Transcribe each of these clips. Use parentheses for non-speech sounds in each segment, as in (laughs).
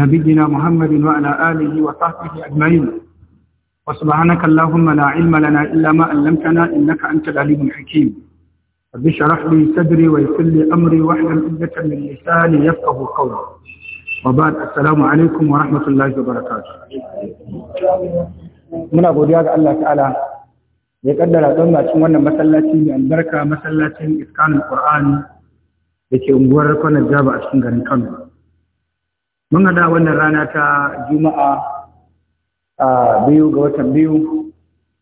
نبينا محمد وعلى آله وصحبه أجمعين وسبحانك اللهم لا علم لنا إلا ما علمتنا إنك أنت العليم الحكيم رب اشرح لي صدري ويسر لي أمري واحلل عقدة من لساني يفقهوا قولي وبعد السلام عليكم ورحمة الله وبركاته muna godiya ga Allah ta'ala ya kaddara don cikin wannan masallaci mai albarka masallacin iskanul qur'ani da ke unguwar kwanar jaba a cikin garin kano mun hada wannan rana ta juma'a a biyu ga watan biyu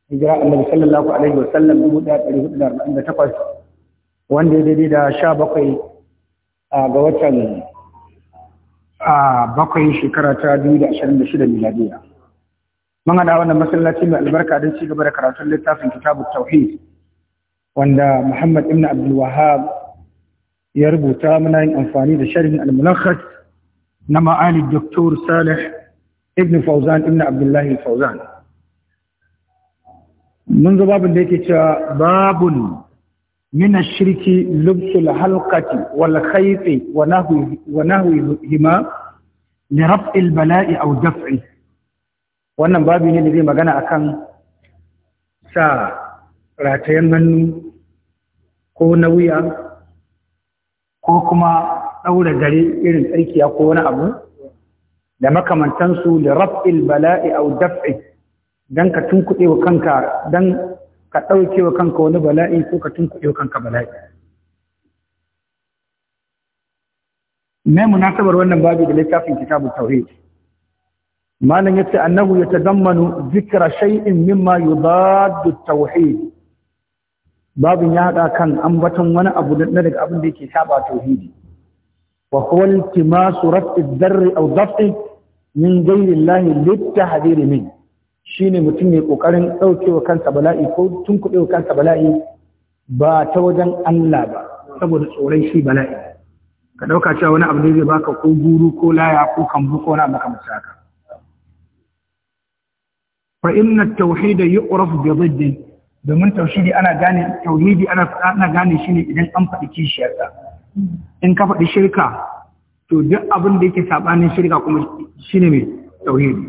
hijira annabi sallallahu alaihi wasallam dubu ɗaya ɗari hudu da arba'in da takwas wanda ya daidai da sha bakwai ga watan bakwai shekara ta biyu da ashirin da shida miladiya mun hada wannan masallaci mai albarka don ci gaba da karatun littafin kitabu tauhid wanda muhammad ibn abdul wahab ya rubuta muna yin amfani da sharhin al-mulakhas نما آل الدكتور صالح ابن فوزان ابن عبد الله الفوزان منذ باب ديكي باب من الشرك لبس الحلقة والخيط ونهو ونهوهما لرفع البلاء أو دفعه وانا بابي نيني دي مغانا أكام سا راتيان منو كو نويا كو كما ɗaura gare irin tsarkiya ko wani abu da makamantansu da raf'il bala'i au daf'i Don ka tunkuɗe wa kanka don ka ɗauke wa kanka wani bala'i ko ka tunkuɗe wa kanka bala'i me munasabar wannan babu da littafin kitabut tauhid malam ya annahu zammanu zikira shay'in mimma yudaddu tauhid babin ya haɗa kan ambaton wani abu na daga abin da yake saba tauhidi وهو التماس رفع الذر او ضفعه من gairin lahi للتحذير منه min shi ne mutum ya ƙoƙarin kansa bala'i ko tun kuɗewa kansa bala'i ba ta wajen Allah ba saboda tsoron shi bala'i ka ɗauka cewa wani abu ne zai baka ko guru ko laya ko kambu ko wani abu kamar fa inna tauhida yu'raf bi diddin domin tauhidi ana gane tauhidi ana ana gane shi ne idan an faɗi kishiyarsa in ka faɗi shirka to duk abin da yake saɓanin shirka kuma shine mai tauhidi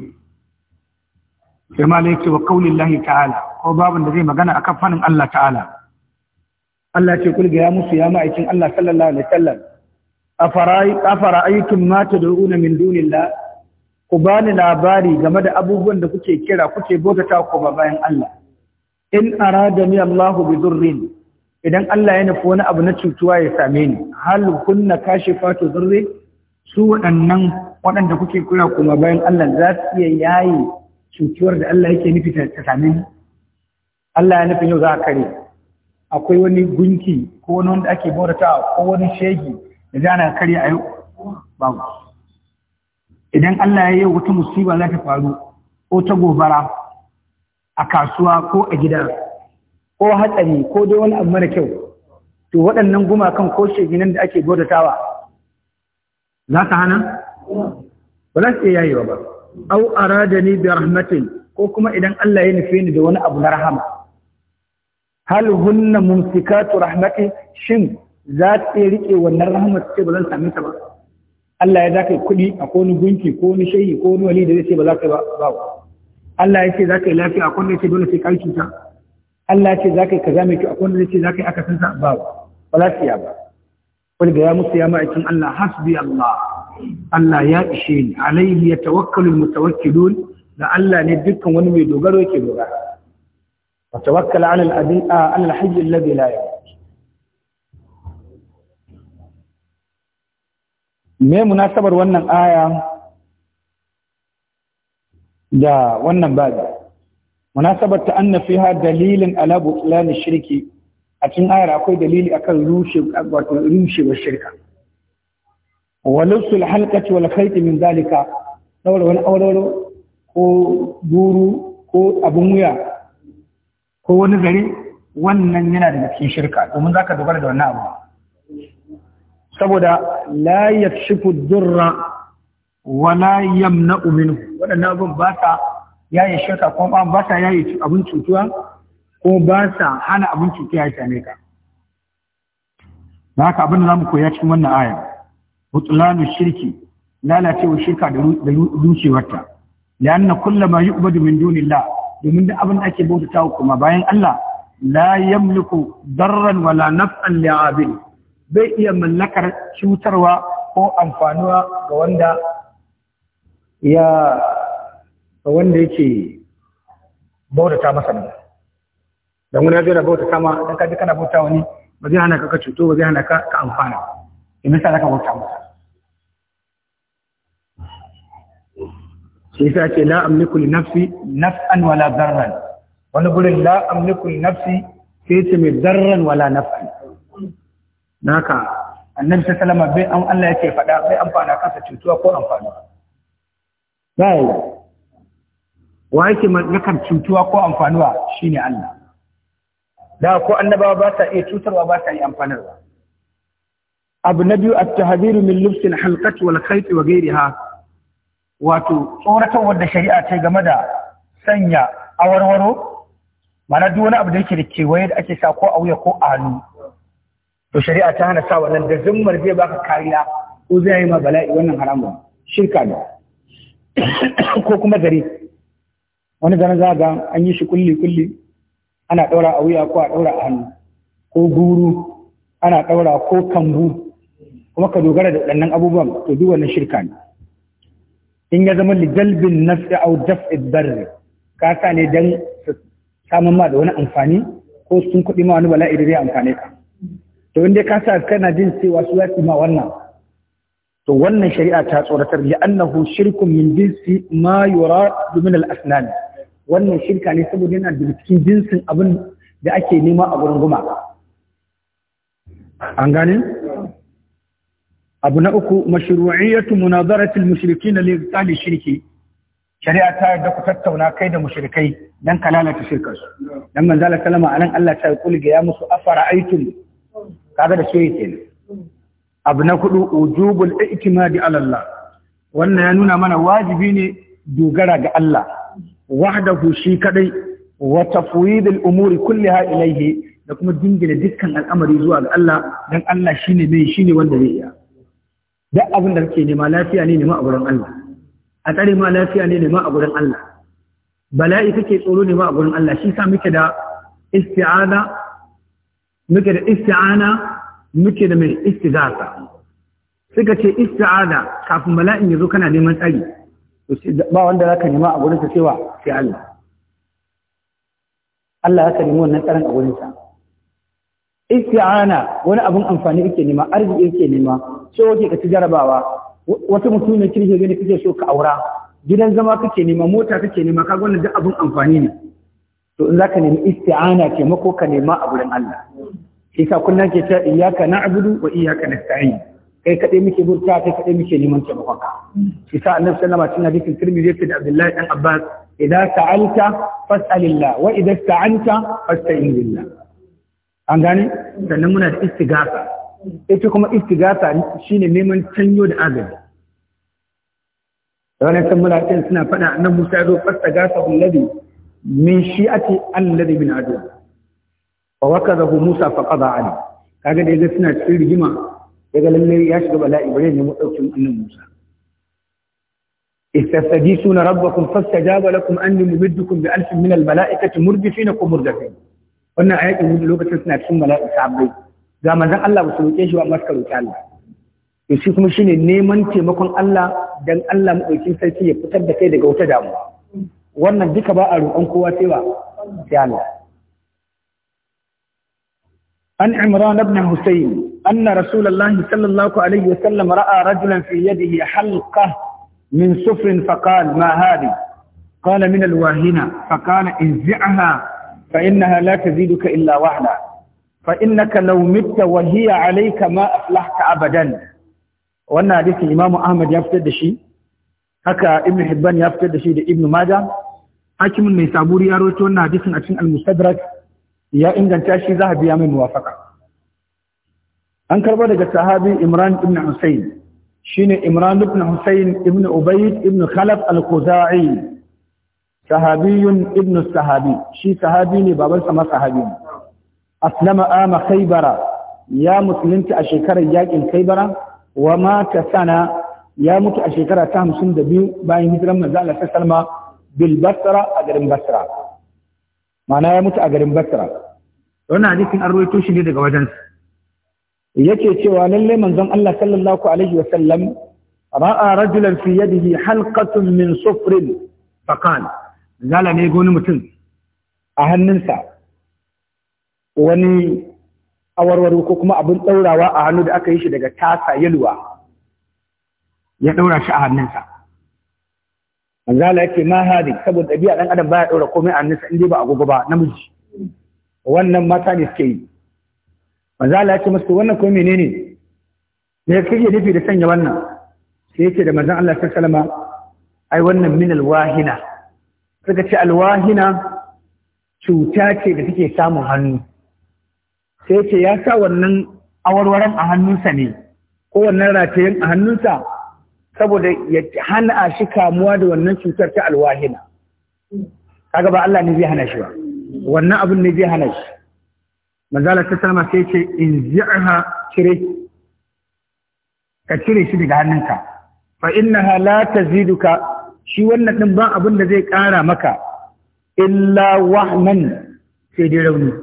sai malai ce wa kaulin lahi ta'ala ko babin da zai magana a kamfanin Allah ta'ala Allah ce kulga ya musu ya ma'aikin Allah sallallahu alaihi wasallam afara aikin da tad'una min dunillah ku bani labari game da abubuwan da kuke kira kuke bautata ko ba bayan Allah in ni Allahu bi durrin idan Allah ya nufi wani abu na cutuwa ya same ni hal kunna kashifatu zurri su waɗannan waɗanda kuke koya kuma bayan Allah za su iya yayi cutuwar da Allah yake nufi ta same ni Allah ya nufi yau za a kare akwai wani gunki ko wani wanda ake borata ko wani shegi da za kare a yau babu idan Allah ya yi wata musiba za ta faru ko ta gobara a kasuwa ko a gida ko hatsari ko dai wani abu mara kyau to waɗannan gumakan ko sheginan da ake bautatawa za ka hana ba za su iya yayewa ba au aradani bi rahmatin ko kuma idan Allah ya nufi ni da wani abu na rahama hal hunna mumsikatu rahmati shin za ta rike wannan rahama ce ba zan same ta ba Allah ya zaka kuɗi a ko ni gunki ko ni shayi ko ni wali da zai ce ba za ka ba Allah ya ce za ka yi lafiya a kwanne ce dole sai ka cuta Allah ce za ka yi kaza mai kyau akwai wanda zai ce za ka yi aka san sa ba ba za su ba wani ga ya musu ya ma'aikin Allah hasbi Allah Allah ya ishe ni alaihi ya tawakkalul mutawakkilun da Allah ne dukkan wani mai dogaro yake dogara wa tawakkala ala al-adi ala al hajji alladhi la yamut me munasabar wannan aya da wannan babu munasabar ta anna fiha dalilin ala butlan shirki a cikin ayar akwai dalili akan rushe wato shirka walusul halqati wal khayt min zalika saboda wani auraro ko guru ko abun wuya ko wani gari wannan yana daga cikin shirka domin zaka dogara da wannan abu saboda la yakshifu durra wala yamna'u minhu wadannan abun ba ta Ya yi shirka ko ba sa yi abin cutuwa ko ba sa hana abin cutuwa ya same ka haka abin da za mu koya cikin wannan aya butulanu shirki lalacewa shirka da rushewarta lianna kullama yu'badu min dunillah domin da abin da ake bautata kuma bayan Allah la yamliku darran wala naf'an li'abid bai iya mallakar cutarwa ko amfanuwa ga wanda ya ga wanda yake bautata masa nan dan wani zai bauta ma dan kaji kana bauta wani ba zai hana ka ka cuto ba zai hana ka ka amfana in misa zaka bauta masa shi yasa ce la amliku li nafsi naf'an wala darran wani gurin la amliku li nafsi sai ce mai darran wala Na naka annabi ta salama bai an Allah yake faɗa bai amfana kansa cutuwa ko amfani ba wa yake mallakar cutuwa ko amfanuwa shine Allah da ko annabawa ba ta iya cutarwa ba ta iya amfanarwa abu na biyu at-tahdhiru min lubsil halqat wal khayt wa ghayriha wato tsoratar wanda shari'a ce game da sanya awarwaro mana duk wani abu da yake da kewaye da ake sa ko a wuya ko a hannu to shari'a ta hana sa wannan da zummar zai baka kariya ko zai yi ma bala'i wannan haramun shirka ne (coughs) ko kuma gari wani zane za an yi shi kulli-kulli ana ɗaura a wuya ko a ɗaura a hannu ko guru ana ɗaura ko kambu kuma ka dogara da ɗannan abubuwan to duk wannan shirka ne in ya zama lijalbin nafi au daf'id darri ka sa ne don samun ma da wani amfani ko sun kuɗi ma wani bala'i da zai amfane ka to inda ka sa kana jin cewa su yaki ma wannan to wannan shari'a ta tsoratar li annahu shirkun min jinsi ma yura min al wannan shirka ne saboda yana da cikin jinsin abin da ake nema a gurin guma an gane abu na uku mashru'iyyatu munazaratul mushrikin na ibtali shirki shari'a ta yarda ku tattauna kai da mushrikai dan kalalata shirkar su dan manzo Allah sallama anan Allah ta kuli ya musu afara aitum kaga da shi kenan abu na hudu ujubul i'timadi ala Allah wannan ya nuna mana wajibi ne dogara ga Allah wahdahu shi kadai wa tafwidil umuri kulliha ilayhi da kuma dingina dukkan al'amari zuwa ga Allah dan Allah shine mai shine wanda zai iya duk abin da kake nema lafiya ne nema a gurin Allah a tsare ma lafiya ne nema a gurin Allah bala'i kake tsoro nema a gurin Allah shi sa muke da isti'ana muke da isti'ana muke da mai istighatha suka ce isti'ada kafin bala'in ya zo kana neman tsari ba wanda za ka nema a gurinsa cewa sai Allah Allah ya nemi wannan tsarin a gurinsa isti'ana wani abun amfani yake nema arziki yake nema so wake ka ci jarabawa wata mutumin kirki gani kake so ka aura gidan zama kake nema mota kake nema ka wannan duk abun amfani ne to in za zaka nemi isti'ana taimako ka nema a gurin Allah shi yasa ke ke iyaka na abudu wa na nasta'in kai kaɗe muke burta kai kaɗe muke neman taimakonka isa annabi sallama cikin hadisin tirmidhi yake da abdullahi dan abbas idan ta'alta fas'alillah wa idan sa'anta fasta'in billah an gane sannan muna da istighatha ita kuma istighatha shine neman tanyo da agaji ranar san muna cin suna faɗa annabi Musa ya zo fasagasa alladhi min shi'ati alladhi min adu wa wakazahu Musa fa qada ali kaga da yaga suna cikin rigima ya ga lalle ya shiga bala'i bare ne mu daukin annabi Musa istastajisuna rabbakum fastajaba lakum anni mumiddukum bi alfin min almalaikati murdifina ko murdafin wannan ayatin lokacin suna cikin mala'ika abai ga manzon Allah ba su roke shi ba amma suka roke Allah to shi kuma shine neman taimakon Allah dan Allah madaukin sarki ya fitar da kai daga wata damuwa wannan duka ba a roƙon kowa sai wa sai Allah an Imran ibn Husayn أن رسول الله صلى الله عليه وسلم رأى رجلا في يده حلقة من صفر فقال ما هذه قال من الواهنة فقال انزعها فإنها لا تزيدك إلا وهنا فإنك لو مت وهي عليك ما أفلحت أبدا وأن حديث الإمام أحمد يفتد شيء هكا ابن حبان يفتد شيء ابن ماجه حاكم النيسابوري يروي أن حديث أتين المستدرك يا إن كان تاشي ذهب يا من موافقه an karba daga sahabi imran ibn husayn shine imran ibn husayn ibn ubayd ibn khalaf al-khuzai sahabiyun ibn sahabi shi sahabi ne babansa ma sahabi aslama ama khaybara ya musulunta a shekarar yakin khaybara wa mata sana ya mutu a shekara ta 52 bayan hijiran manzo Allah sallama bil basra a garin basra ma'ana ya mutu a garin basra wannan hadisin an rawaito shi ne daga wajensa yake cewa lalle manzon Allah sallallahu alaihi wa sallam ra'a rajulan fi yadihi halqatun min sufrin zala ne goni mutum a hannunsa wani awarwaro ko kuma abin daurawa a hannu da aka yi shi daga tasa yalwa ya daura shi a hannunsa manzala yake ma hadi saboda dabi'a dan adam baya daura komai a hannunsa in dai ba agogo ba namiji wannan mata ne suke yi manzo Allah ya ce masa wannan ko menene me kake nufi da sanya wannan sai yake da manzon Allah sallallahu alaihi ai wannan min alwahina suka ce alwahina cuta ce da take samun hannu sai yake ya sa wannan awarwaran a hannunsa ne ko wannan ratayen a hannunsa saboda ya hana a shi kamuwa da wannan cutar ta alwahina kaga ba Allah ne zai hana shi ba wannan abin ne zai hana shi manzala ta sama sai ce in ji'aha cire ka cire shi daga hannunka fa ha la taziduka shi wannan din ba abin da zai ƙara maka illa nan sai dai rauni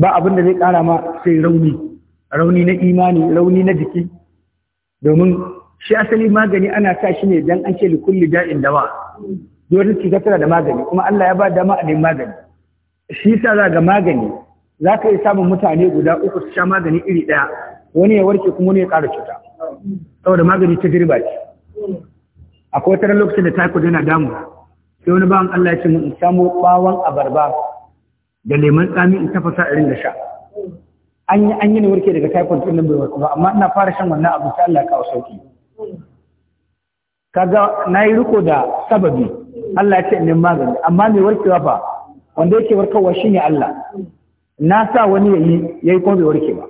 ba abin da zai ƙara ma sai rauni rauni na imani rauni na jiki domin shi asali magani ana sa shi ne dan an ce likulli da'in dawa dole cuta tana da magani kuma Allah ya ba dama a magani shi sa za ga magani za ka yi samun mutane guda uku su sha magani iri ɗaya wani ya warke kuma wani ya ƙara cuta saboda magani ta girba ce akwai wata lokacin da typhoid yana damu sai wani bawan Allah ya ce in samu bawon abarba da leman tsami in tafasa irin da sha an yi an yi ne warke daga typhoid din nan bai warke ba amma ina fara shan wannan abu sai Allah ya kawo sauki kaga nayi riko da sababi Allah ya ce in magani amma mai warkewa fa wanda yake warkarwa ne Allah na sa wani yayi ya kuma bai warke ba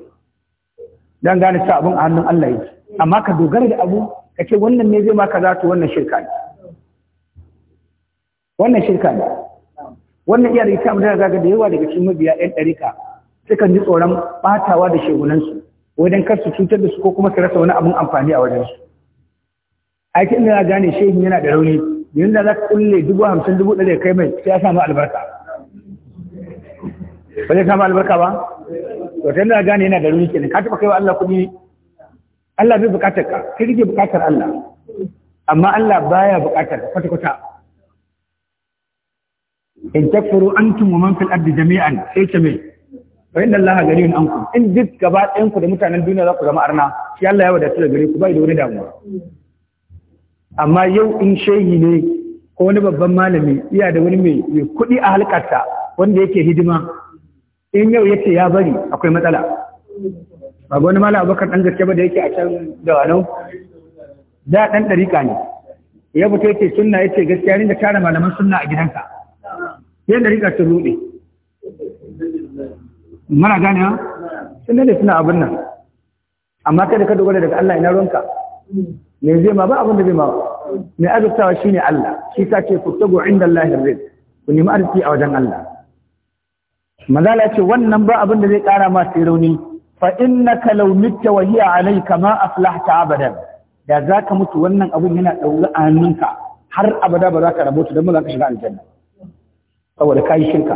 don gane sa abun a hannun Allah yake amma ka dogara da abu ka ce wannan ne zai maka za ta wannan shirka ne wannan shirka ne wannan iya rikita mu daga gaga da yawa daga cikin mabiya ɗan ɗarika sukan ji tsoron batawa da shegunansu wajen kar su cutar da su ko kuma su rasa wani abun amfani a wajen su aikin da na gane shehin yana da rauni yanzu da za ka kulle dubu hamsin dubu ɗari kai mai sai ya samu albarka ba zai samu albarka ba to ta gane yana garuri kenan ka taba kai wa Allah kuɗi Allah bai buƙatar ka kai rike buƙatar Allah amma Allah baya buƙatar kwata kwata in takfuru antum wa man fil ardi jami'an sai ce mai fa inna Allah ghaniyun ankum in duk gaba ɗayan ku da mutanen duniya za ku zama arna shi Allah ya wadatu da gare ku bai da wani damuwa amma yau in shehi ne ko wani babban malami iya da wani mai kuɗi a halkarsa wanda yake hidima in yau yace ya bari akwai matsala ba wani mala abokan ɗan gaske ba da yake a can da wanau da ɗan ɗariƙa ne ya fito yake sunna yace gaskiya ne da tara malaman sunna a gidanka yan ɗariƙa sun ruɗe mana gane ha sun ne suna abin nan amma kada ka dogara daga Allah ina ruwanka me zai ma ba abin da zai ma mai azabtawa shine Allah shi ta ce ku tago inda Allah rizq ku nemi arziki a wajen Allah manzala ce wannan ba abin da zai kara ma sai rauni fa innaka law mitta wa hiya alayka ma aflahta abadan da zaka mutu wannan abun yana daura a hannunka har abada ba za ka rabota don ba za ka shiga aljanna saboda ka yi shirka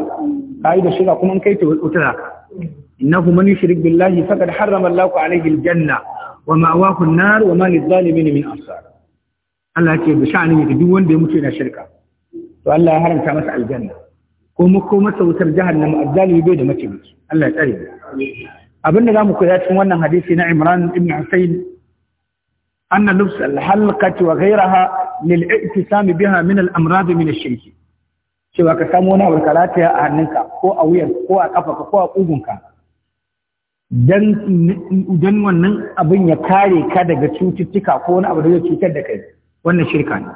ka yi da shirka kuma kai ta wutura ka innahu man yushrik billahi faqad harrama Allahu alayhi aljanna wa ma'wahu an-nar wa ma lizalimin min ansar Allah ya ce bi sha'ani duk wanda ya mutu yana shirka to Allah ya haramta masa aljanna ko mata wutar jahannama azzalimi bai da mataimaki Allah ya tsare mu abin da zamu koya cikin wannan hadisi na Imran ibn Husayn anna lubs al-halqati wa ghayraha lil i'tisam biha min al-amrad min ash-shirk cewa ka samu wani abu karatu a hannunka ko a wuyan, ko a kafarka ko a kugunka dan dan wannan abin ya kare ka daga cututtuka ko wani abu da zai cutar da kai wannan shirka ne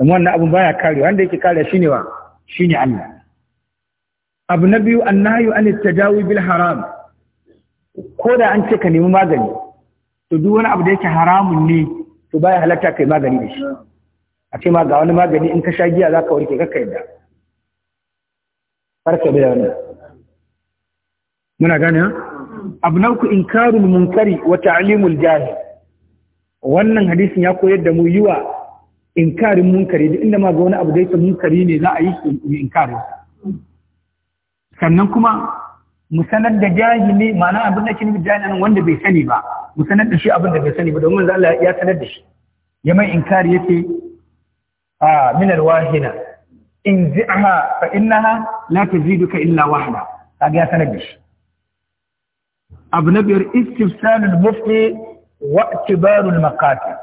amma wannan abin baya kare wanda yake kare shine wa shine Allah abu na biyu annahyu an tajawi bil haram ko da an ce ka nemi magani to duk wani abu da yake haramun ne to baya halatta kai magani da shi a ce ma ga wani magani in ka sha giya zaka warke ka kai da farka da wannan muna gane abu na uku inkarul munkari wa ta'limul jahil wannan hadisin ya koyar da mu yiwa inkarin munkari duk inda ma ga wani abu da yake munkari ne za a yi inkarin sannan kuma mu sanar da jahili ma'ana abin da ke nufi jahilin wanda bai sani ba mu sanar da shi abin da bai sani ba domin Allah ya sanar da shi ya mai inkari yace a minar wahina, in zi'aha fa innaha la taziduka illa wahda kaga ya sanar da shi abu na biyar istifsalul mufti wa tibarul maqatil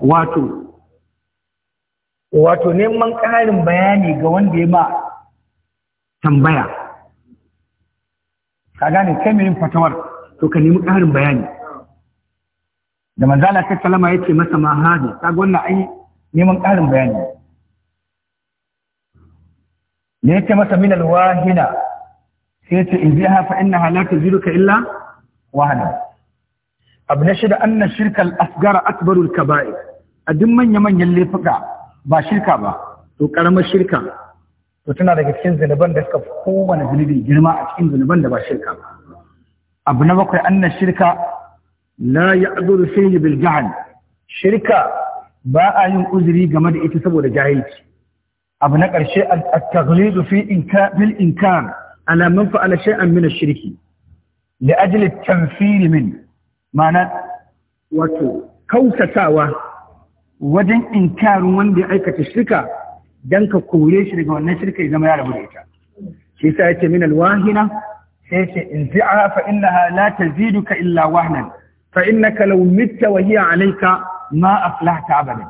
wato wato neman ƙarin bayani ga wanda ya ma tambaya ka gane kai yin fatawar to ka nemi ƙarin bayani da manzala ta salama ya ce masa ma hajji ta gwanna ai neman ƙarin bayani ne ya ce masa minal wahida sai ce in ji hafa ina zuru ka illa wahada abu na shida anna shirka al-asgara akbarul a duk manya-manyan laifuka ba shirka ba to karamar shirka to tana daga cikin zunuban da suka kowane zunubi girma a cikin zunuban da ba shirka ba abu na bakwai anna shirka la ya'duru fihi bil jahl shirka ba a yin uzuri game da ita saboda jahilci abu na ƙarshe at-taghlidu fi inkar bil inkar ala man fa'ala shay'an min ash-shirki li ajli at-tanfir min ma'ana wato kautatawa wajen inkarin wanda ya aikata shirka dan ka kore shi daga wannan shirka ya zama ya rabu da ita shi sa yace min alwahina sai yace inzi'a fa innaha la taziduka illa wahnan fa innaka law mitta wa hiya alayka ma aflahta abadan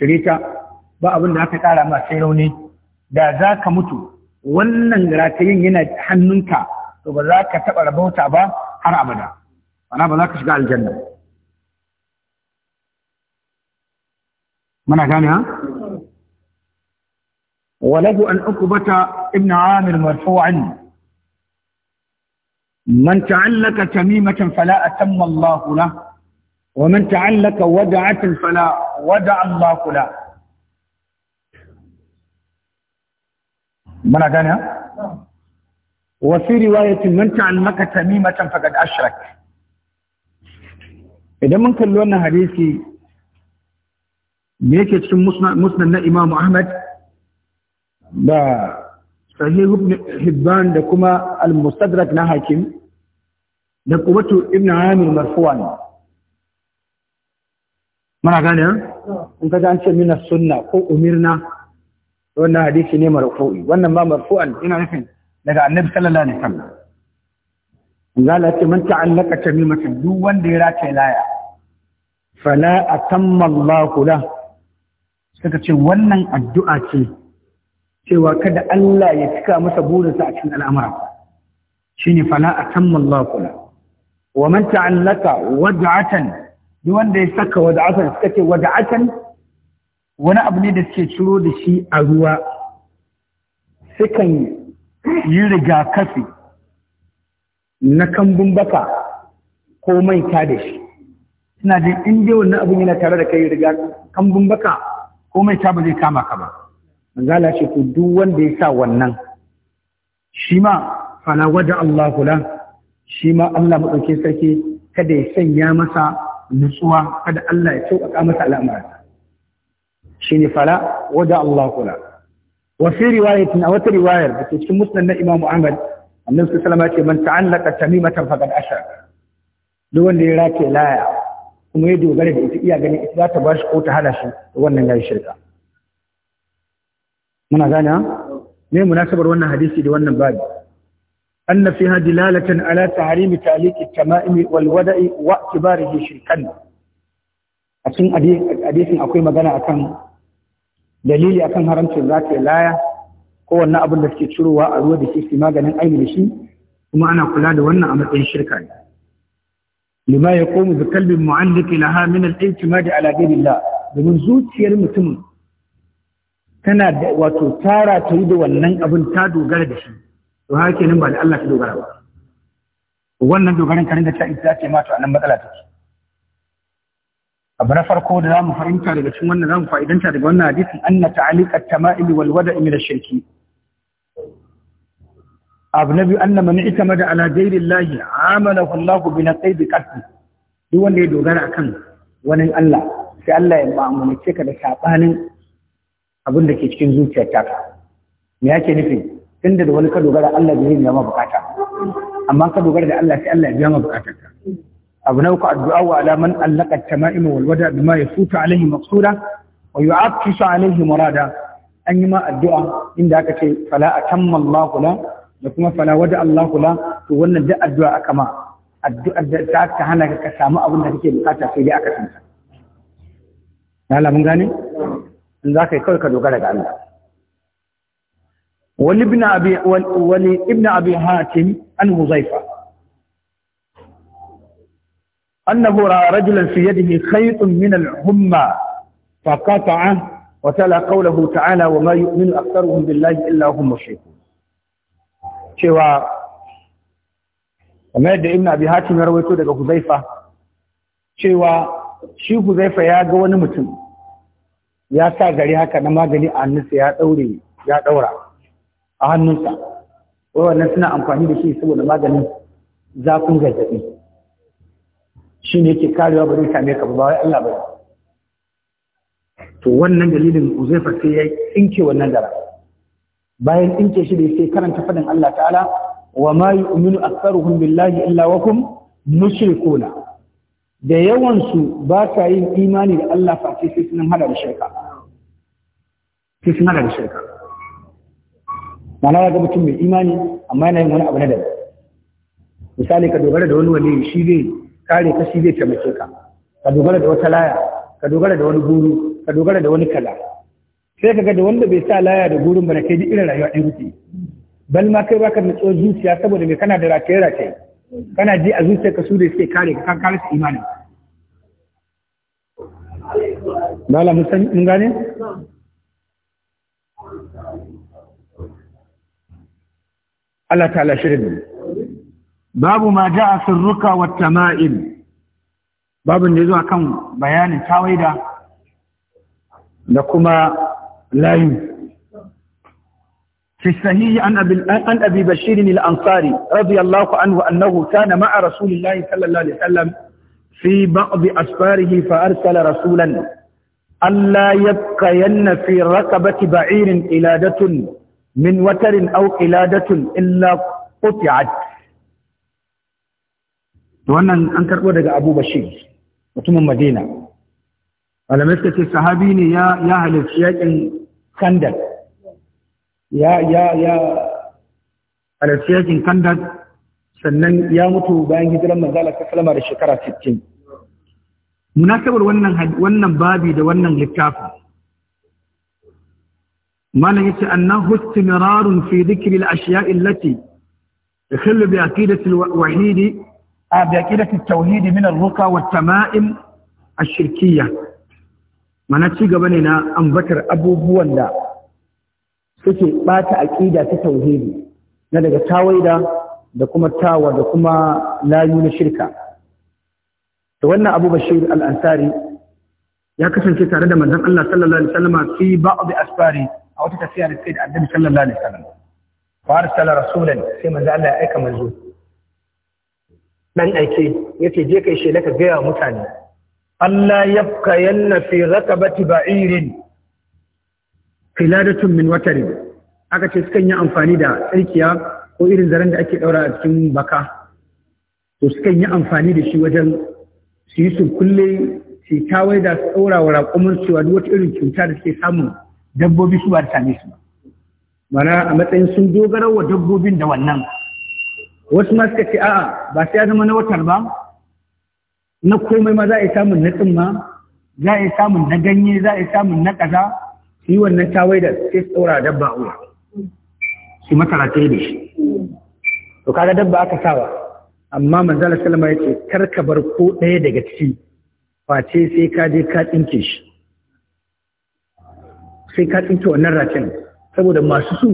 shirita ba abin da aka kara ma sai rauni da za ka mutu wannan ratayin yana hannunka to ba za ka taɓa rabauta ba har abada انا بناقش za الجنه منع ثاني ها وله ولد أن عقبه ابن عامر مرفوعا من تعلق تميمة فلا أتم الله له ومن تعلق ودعة فلا ودع الله له من ها وفي رواية من تعلق تميمة فقد أشرك idan mun kalli wannan hadisi ne yake cikin musnad na Imam Ahmad da Sahih Hibban da kuma Al-Mustadrak na Hakim da to Ibn Amir marfu'an mana gane in ka an ce sunna ko umirna wannan hadisi ne marfu'i wannan ma marfu'an ina nufin daga Annabi sallallahu alaihi wasallam Allah ya ce man ta'allaka tamimatan duk wanda ya rata laya fala a Allahu la suka ce wannan addu'a ce cewa kada Allah ya cika masa burinsa a cikin al'amura ne fala a Allahu la wa man ta'allaka wad'atan duk wanda ya saka wad'atan suka ce wad'atan wani abu ne da suke ciro da shi a ruwa sukan yi rigakafi na kambun baka ko mai da shi suna jin in dai wannan abin yana tare da kai riga kambun baka komai ta ba zai kama ka ba zala shi ku duk wanda ya sa wannan shi ma fala wada Allahu la shi ma Allah madauke sarki kada ya sanya masa nutsuwa kada Allah ya ce masa al'amara shi ne fala wada Allahu la wa fi riwayatin aw ta riwayar da ke cikin musnad na Imam Ahmad annabi sallallahu alaihi wasallam ya ce man ta'allaqa tamimatan faqad ashara duk wanda ya rake laya kuma ya dogara da ita iya ganin ita za ta bashi ko ta hana shi wannan yi shirka muna gane ne munasabar wannan hadisi da wannan babi anna fiha dilalatan ala tahrim ta'liq at-tama'im wal wada'i wa i'tibarihi shirkan a cikin hadisin akwai magana akan dalili akan haramcin yi laya ko wannan abin da suke cirowa a ruwa da shi maganin aini da shi kuma ana kula da wannan a matsayin shirka ne lima ya komu da kalbin mu'alliki laha min al-i'timadi domin zuciyar mutum tana da wato tara ta yi da wannan abin ta dogara da shi to haka nan ba da Allah ta dogara ba wannan dogaran karin da ta isa ce ma to a nan matsala take abu na farko da za mu fahimta daga cikin wannan za mu fa'idanta daga wannan hadisin anna ta'aliqa at-tama'il wal wada'i min ash-shirki abu na biyu annama ni ita mada ala gairin lahi amana wallahu bi na tsaye duk wanda ya dogara a kan wani Allah sai Allah ya ma'amalace ka da sabanin abin da ke cikin zuciyar taka me yake nufi tunda da wani ka dogara Allah bai biya ma bukata amma ka dogara da Allah sai Allah ya biya ma bukatar ka abu na uku addu'a wa ala man allaka tama'ima wal wada bima yasutu alaihi maqsura wa yu'affisu alaihi murada an yi ma addu'a inda aka ce fala atamma Allahu la da kuma fala wada Allah kula to wannan duk addu'a aka ma addu'ar da ta ka hana ka samu abin da kake bukata sai dai aka san ta mun gane in za ka yi kawai ka dogara ga Allah wani ibn abi wani ibn abi hatim an huzaifa annahu ra'a rajulan fi yadihi khaytun min al-humma faqata'a wa tala qawluhu ta'ala wa ma yu'minu aktharuhum billahi illa hum mushrikun cewa kamar yadda ibn abi hatim ya rawaito daga huzaifa cewa shi huzaifa ya ga wani mutum ya sa gari haka na magani a hannunsa ya daure ya daura a hannunsa wai wannan suna amfani da shi saboda maganin zafin zazzabi shi ne yake karewa ba zai same ka ba wai Allah ba to wannan dalilin huzaifa sai ya tsinke wannan gara bayan ɗinke shi da sai karanta faɗin Allah ta'ala wa ma yu'minu aktharuhum billahi illa wa hum mushrikuna da yawan su ba ta yin imani da Allah fa sai sun hada da shirka sai sun hada da shirka mana ya ga mutum mai imani amma yana yin wani abu na daban misali ka dogara da wani wali shi zai kare ka shi zai taimake ka ka dogara da wata laya ka dogara da wani guru ka dogara da wani kala sai ka da wanda bai sa laya da gurin bana kai duk irin rayuwa ɗin rufe. bal ma kai baka nutsuwa zuciya saboda me kana da rataye rataye kana ji a ka su da suke kare ka kan kare su Bala Musa mun gane? Allah ta'ala shirin babu ma ja a sirruka wa tama'il babu da zuwa kan bayanin tawaida da kuma لا يوجد في الصحيح عن أبي, عن أبي بشير الأنصاري رضي الله عنه أنه كان مع رسول الله صلى الله عليه وسلم في بعض أسفاره فأرسل رسولا ألا يبقين في رقبة بعير قلادة من وتر أو قلادة إلا قطعت وانا أنكر karɓo أبو بشير وتم المدينه. ولم malamai suka يا يا اهل الشيخ kandak ya ya ya halarci yakin kandak sannan ya mutu bayan hijiran manzala ta salama da shekara 60 munasabar wannan wannan babi da wannan littafin malam yace annahu istimirarun fi dhikri al-ashya' allati تخل بعقيدة الوحيد بعقيدة التوحيد من الرقى والتمائم الشركية mana ci gaba ne na ambatar abubuwan da suke ɓata aƙida ta tauhidi na daga tawaida da kuma tawa da kuma layu na shirka da wannan abu bashir al'ansari ya kasance tare da manzon Allah sallallahu alaihi wasallam fi ba'd asfari a wata tafiya da sai da annabi sallallahu alaihi wasallam fa arsala rasulan sai manzon Allah ya aika manzo dan aike yace je kai shela ka ga mutane Allah ya yafka yanna fi rakabati ba'irin filadatun min watari aka ce sukan yi amfani da tsirkiya ko irin zaren da ake ɗaura a cikin baka to sukan yi amfani da shi wajen su yi sun kulle su tawai da su ɗaura wa raƙumar cewa duk wata irin cuta da suke samun dabbobi su ba da same su ba mana a matsayin sun dogara wa dabbobin da wannan wasu ma suka ce a'a ba sai ya zama na watar ba na komai ma za a yi samun na tsimma za a yi samun na ganye za a yi samun na kaza su yi wannan tawai da sai tsora dabba a wuya su masara ta yi da shi to kaga dabba aka sawa amma manzala salama ya ce kar ka bar ko ɗaya daga ciki face sai ka je ka tsinke shi sai ka tsinke wannan raken saboda masu su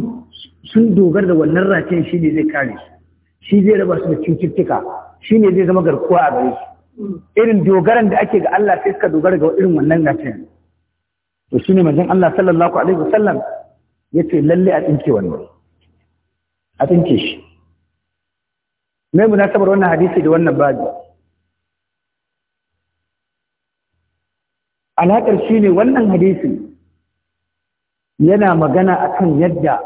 sun dogara da wannan raken shi ne zai kare su shi zai raba su da cututtuka shi ne zai zama garkuwa a gare su irin dogaran da ake ga Allah sai suka dogara ga irin wannan gashin to shine manzon Allah sallallahu alaihi wasallam yace lalle a tsinke wannan a tsinke shi me munasabar wannan hadisi da wannan babu alaƙar shi ne wannan hadisi yana magana akan yadda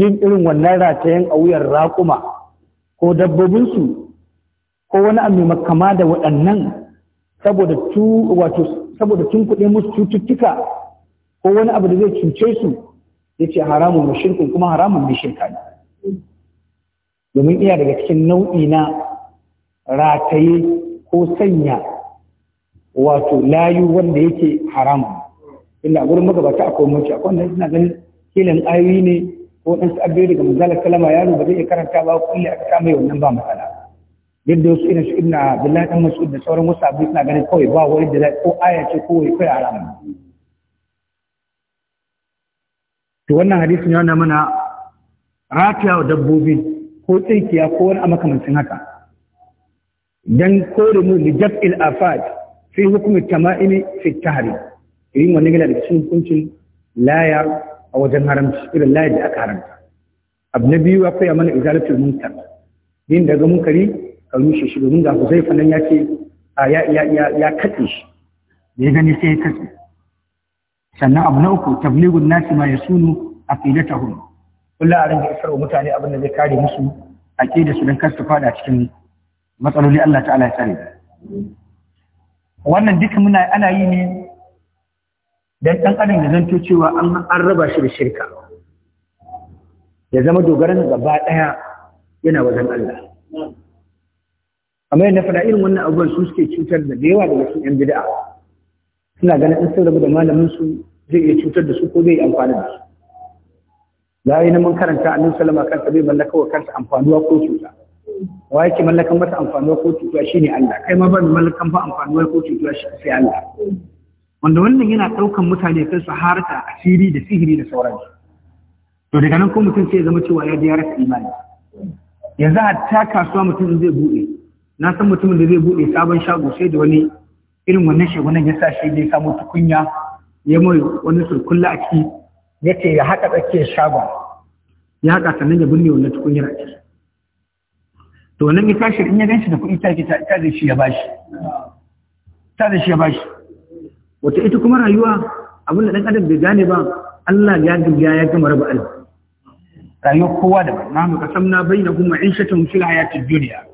yin irin wannan ratayen a wuyan raƙuma ko dabbobinsu ko wani abu mai kama da waɗannan saboda tu wato saboda tun kuɗe musu cututtuka ko wani abu da zai cuce su ya ce haramun mushrikun kuma haramun ne shirka ne domin iya daga cikin nau'i na rataye ko sanya wato layu wanda yake haramun inda a gurin magabata akwai mace akwai wanda suna ganin kilin ayoyi ne ko ɗan sabbi daga mazalar kalama yaro ba zai iya karanta ba kulle aka kama wannan ba matsala yadda da wasu irin su ibn abdullahi dan masu da sauran wasu abu suna ganin kawai ba wani da ko aya ce ko wai kai haram to wannan hadisin ya nuna mana rafiya wa dabbobi ko tsinkiya ko wani makamancin haka dan mu li jab'il afad fi ta tama'imi fi tahri irin wannan gina da cikin hukuncin laya a wajen haramci irin laya da aka haramta abu na biyu akwai mana izalatul munkar din daga munkari ka rushe shi domin ga zai fanan ya ce ya katse shi da ya gani sai ya katse sannan abu na uku tabligun nasi ma ya sunu a filatahun kullum a rinka isar wa mutane abin da zai kare musu a ke da su don kar fada cikin matsaloli Allah ta'ala ya tsare wannan duka muna ana yi ne don ɗan adam da zanto cewa an raba shi da shirka ya zama dogaran gaba ɗaya yana wajen Allah kamar yadda faɗa irin wannan abubuwan su suke cutar da da yawa daga cikin yan bida'a suna ganin in sun rabu da malamin su zai iya cutar da su ko zai amfani da su yi na mun karanta a nusa sallama kansa bai mallaka wa kansa amfanuwa ko cuta wa yake mallakan masa amfanuwa ko cutuwa ne Allah kai ma ba mallakan ba amfanuwa ko cutuwa shi sai Allah wanda wannan yana ɗaukan mutane kan su harka asiri da sihiri da sauran to daga nan ko mutum sai ya zama cewa ya ji ya rasa imani yanzu ta kasuwa mutum zai buɗe na san mutumin da zai buɗe sabon shago sai da wani irin wannan shagunan ya sa shi zai samu tukunya ya mai wani surkulla a ciki ya ce ya haƙa tsakiyar shagon ya haƙa sannan ya binne wannan tukunyar a ciki to wannan ya tashi in ya gan shi da kuɗi ta ta ta da shi ya bashi ta da shi ya bashi wata ita kuma rayuwa abin da ɗan adam bai gane ba Allah ya gaya ya gama raba alba rayuwar kowa da ba na mu kasamna bainahum ma'ishatun fil hayatid dunya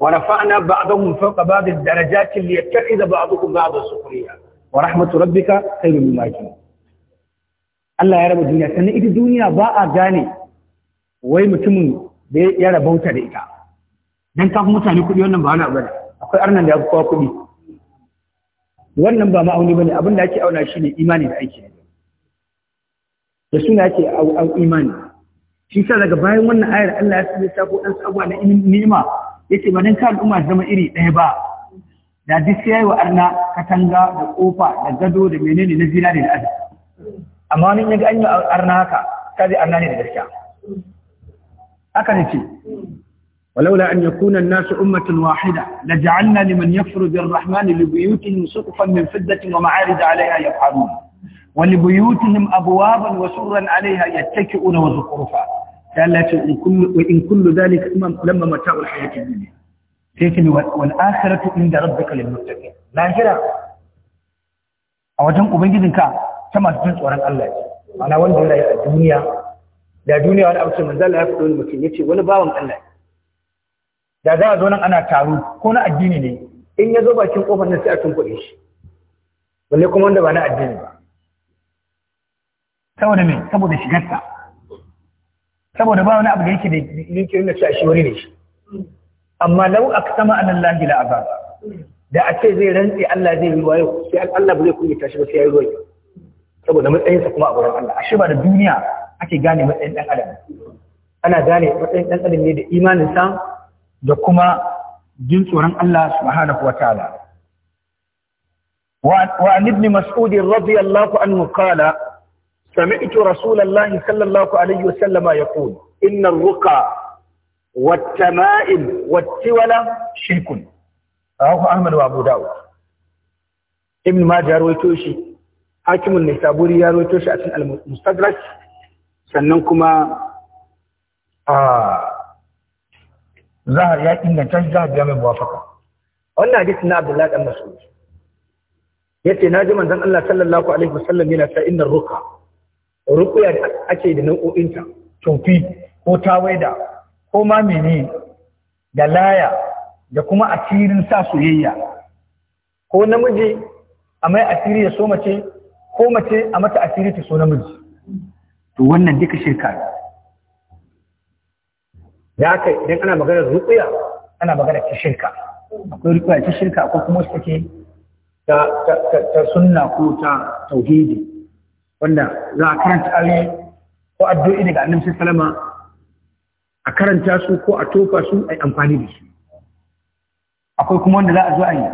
ورفعنا بعضهم فوق بعض الدرجات ليتخذ بعضهم بعضا سخريا ورحمة ربك خير مما يجمعون Allah ya raba duniya sannan ita duniya ba a gane wai mutumin da ya rabauta da ita dan kafin mutane kuɗi wannan ba wani akwai arnan da ya kowa kuɗi wannan ba ma'auni bane abin da ake auna shi ne imani da aiki da suna ake au imani shi sa daga bayan wannan ayar Allah ya sanya sako dan sabuwa na ni'ima yake ba dan ka al'umma zama iri ɗaya ba da duk sai wa arna katanga da kofa da gado da menene na zinari da azab amma wani yaga an yi arna haka kaje arna ne da gaskiya haka ne ce ولولا أن يكون الناس أمة واحدة لجعلنا لمن يكفر بالرحمن لبيوتهم سقفا من فدة ومعارج عليها يفعلون ولبيوتهم أبوابا وسرا عليها يتكئون وزخرفا da Allah ce in kullu zalika imam lamma mata'ul hayati dunya sai ce wal akhiratu inda rabbika lil muttaqin lahira a wajen ka, ta masu jin tsoron Allah ce ana wanda ya rayu a duniya da duniya wani abu ce manzo Allah ya fito wani mutum yace wani bawan Allah da za a zo nan ana taro ko na addini ne in ya zo bakin kofar nan sai a tunkuɗe shi balle kuma wanda ba na addini ba saboda me saboda shigarsa saboda ba wani abu da yake da yake na cewa shi wani ne shi amma lau aka sama anan lahi la azab da a ce zai rantse Allah zai yi wayo sai Allah ba zai kunyata tashi ba sai ya yi ruwa saboda matsayinsa kuma a gurin Allah ashe ba da duniya ake gane matsayin dan adam ana gane matsayin dan adam ne da imaninsa da kuma jin tsoron Allah subhanahu wa ta'ala wa an ibn mas'ud radiyallahu anhu سمعت رسول الله صلى الله عليه وسلم يقول إن الرقى والتمائم والتولى شرك رواه أحمد وأبو داود ابن ماجه رويته شيء حاكم النسابوري رويته شيء أسن المستدرك سننكما آه ظهر يا إن تجزى بيام موافقة wannan hadisi na Abdullahi dan Mas'ud yace naji manzon Allah sallallahu alaihi wasallam yana ta innar ruka rukuya ake da nau'o'inta tofi ko tawaida ko ma mene da laya da kuma asirin sa soyayya ko namiji a mai asiri ya so mace ko mace a mata asiri ta so namiji to wannan duka shirka ne. da haka idan ana magana rukuya ana magana ta shirka akwai rukuya ta shirka akwai kuma wasu take ta sunna ko ta tauhidi wanda za a karanta ayoyi ko addu'o'i daga annabi sallama a karanta su ko a tofa su a amfani da su akwai kuma wanda za a zo a yi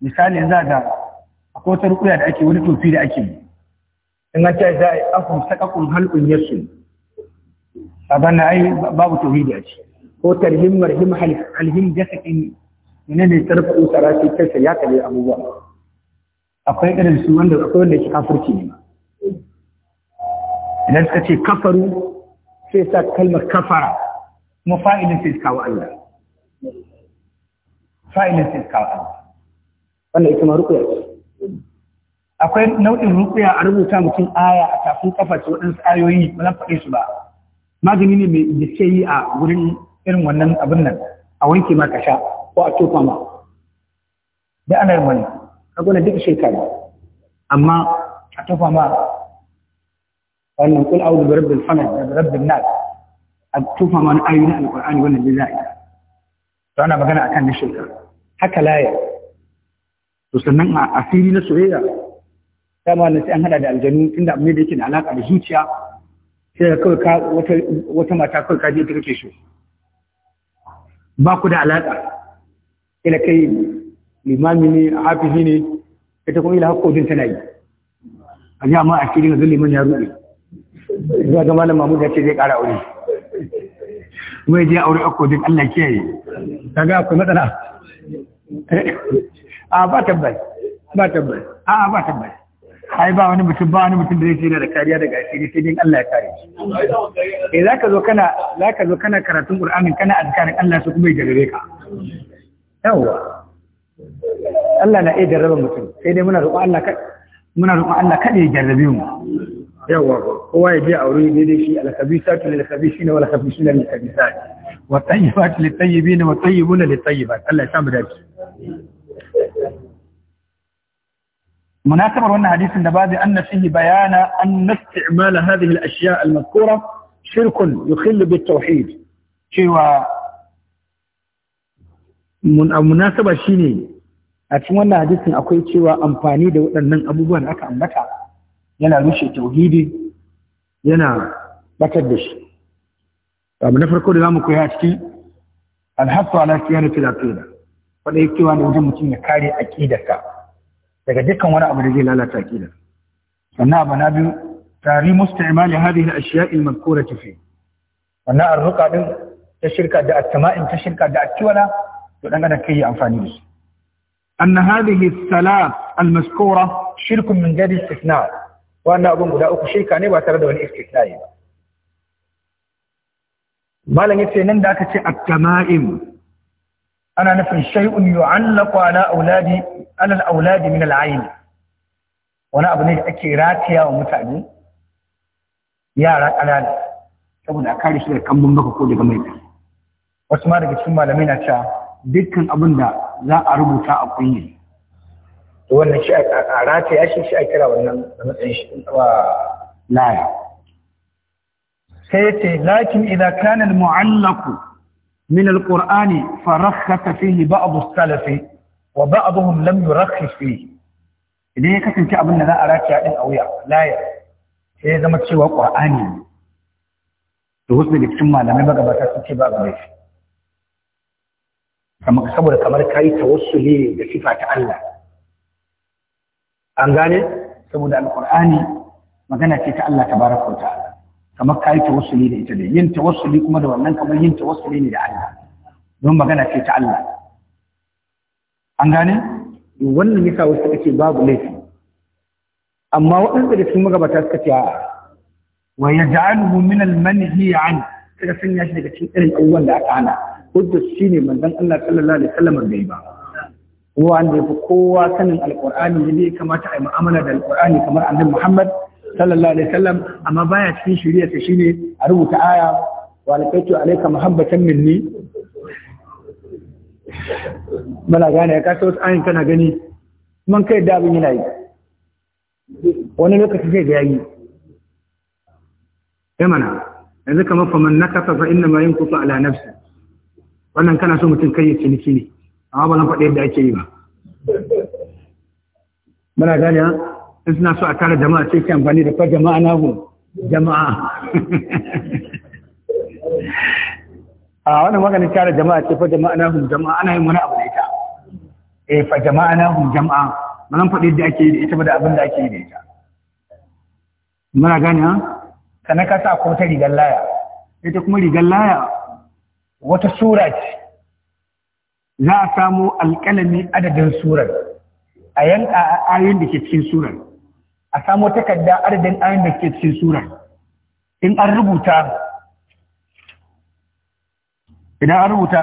misali za ga akwai wata rukuya da ake wani tofi da ake in an ce za a yi afin sakakun halƙun yasu sabana ai babu tofi a ci ko tarhim marhim alhim jasakin ne ne tarfa usara ce kai ya kalli abubuwa akwai irin su wanda akwai wanda ke kafirci ne ma idan suka ce kafaru sai sa kalmar kafara kuma fa'ilin sai kawo Allah fa'ilin sai kawo Allah wannan ita ma rukuya ce akwai nau'in rukuya a rubuta mutum aya a tafin kafa waɗansu ayoyi ba zan faɗe su ba magani ne mai da ke yi a wurin irin wannan abin nan a wanke ma ka sha ko a tofa ma da ana yin wani kaga duk shekara amma a tafa ma wannan kul a'udhu bi rabbil falaq da rabbin nas a tufa ma ayoyin alqur'ani wannan da za'i to ana magana akan na shirka haka laya to sannan a asiri na soyayya ta dama na sai an hada da aljanu tunda abin da yake da alaka da zuciya sai kawai ka wata mata kawai ka je ta kake so ba ku da alaka ila kai limami ne hafizi ne ita kuma ila hakkodin tana yi a ji amma a cikin zan liman ya ruɗe zuwa ga malam mamu ya ce zai ƙara aure mai je aure akko duk Allah kiyaye ga ku matsala a ba tabbai ba tabbai a ba tabbas ai ba wani mutum ba wani mutum da zai ce da kariya daga asiri sai din Allah ya kare shi eh zaka zo kana zaka zo kana karatun Qur'anin kana azkarin Allah su kuma ya jarare ka yawa Allah na iya jarraba mutum sai dai muna roƙon Allah muna roƙon Allah kada ya jarrabe mu yawa kowa ya je aure daidai shi al-khabisatu lil khabisina wal khabisina lil khabisat wa tayyibatu lit tayyibina wa tayyibuna lit tayyibat Allah ya samu dace munasabar wannan hadisin da babu anna حديث bayana an nasti'mal hadhihi al-ashya al-mazkura المذكورة yukhill يخل بالتوحيد شيء من مناسبة shine a cikin wannan hadisin akwai cewa amfani da waɗannan abubuwan aka ambata yana rushe tauhidi yana batar da shi abu na farko da zamu koya a cikin alhassu ala fi lafiya wanda yake da wajen mutum ya kare aqidarka daga dukkan wani abu da zai lalata aqidar sannan abu na biyu tari musta'imali hadhihi al-ashiya' al kora fi wannan arruqa din ta shirka da at-tama'in ta shirka da at-tiwala to dangana kai amfani da shi أن هذه الثلاث المذكورة شرك من غير استثناء وأن أبن قد أكو شركة نبا ترد وأن استثناء ما لن يتنين ذاك التمائم أنا نفي شيء يعلق على أولادي على الأولاد من العين وأنا أبني أكي راتيا ومتعني يا رات أنا saboda a kare shi daga kambun baka ko daga mai wasu ma daga cikin malamai na cewa dukkan abin da za a rubuta a kunyi. wannan shi a rata ya shi shi a kira wannan da matsayin shi wa laya sai ya ce lakin idan kana mu'allaku min qur'ani fa rakhasa fihi ba'd as-salaf wa ba'dhum lam yurakhis fihi idan ya kasance abin da za a rata din a wuya laya sai ya zama cewa qur'ani ne to wasu daga cikin malamai ba gabata suke ba ga shi kamar saboda kamar ka kai tawassuli da sifa ta Allah an gane saboda alqur'ani magana ce ta Allah tabaraka ta'ala kamar ka kai tawassuli da ita ne yin tawassuli kuma da wannan kamar yin tawassuli ne da Allah don magana ce ta Allah an gane wannan yasa wasu suka ce babu laifi amma waɗanda da cikin magabata suka ce a'a wa yaj'aluhu min al-manhi an suka sanya shi daga cikin irin abubuwan da aka hana hujjar shine manzon Allah sallallahu alaihi wasallam bai ba kuma wanda yafi kowa sanin alqur'ani ne ya kamata a yi mu'amala da alqur'ani kamar annabi Muhammad sallallahu alaihi wasallam amma baya cikin shiriya ta shine a rubuta aya wa alqaitu alayka muhabbatan minni bala gane ya kasa wasu ayin kana gani man kai da abin yana yi wani lokaci zai ga yayi yamana eh yanzu kamar faman nakasa fa inna ma yankusu ala nafsi wannan kana so mutum kai ya ciniki ne amma ba zan faɗi yadda ake yi ba muna gane in suna so a tara jama'a ce ke amfani da kwa jama'a na hu jama'a (laughs) a wannan maganin tara jama'a ce fa jama'a na hu jama'a ana yin wani abu da ita eh fa jama'a na hu jama'a ba zan faɗi yadda ake yi da ita ba da abin da ake yi da ita muna gane ha sannan ka sa ko ta rigar laya ita kuma rigar laya wata sura ce za a samo alƙalami adadin surar a yanka a ayoyin da ke cikin surar a samo takarda adadin ayoyin da ke cikin surar in an rubuta idan an rubuta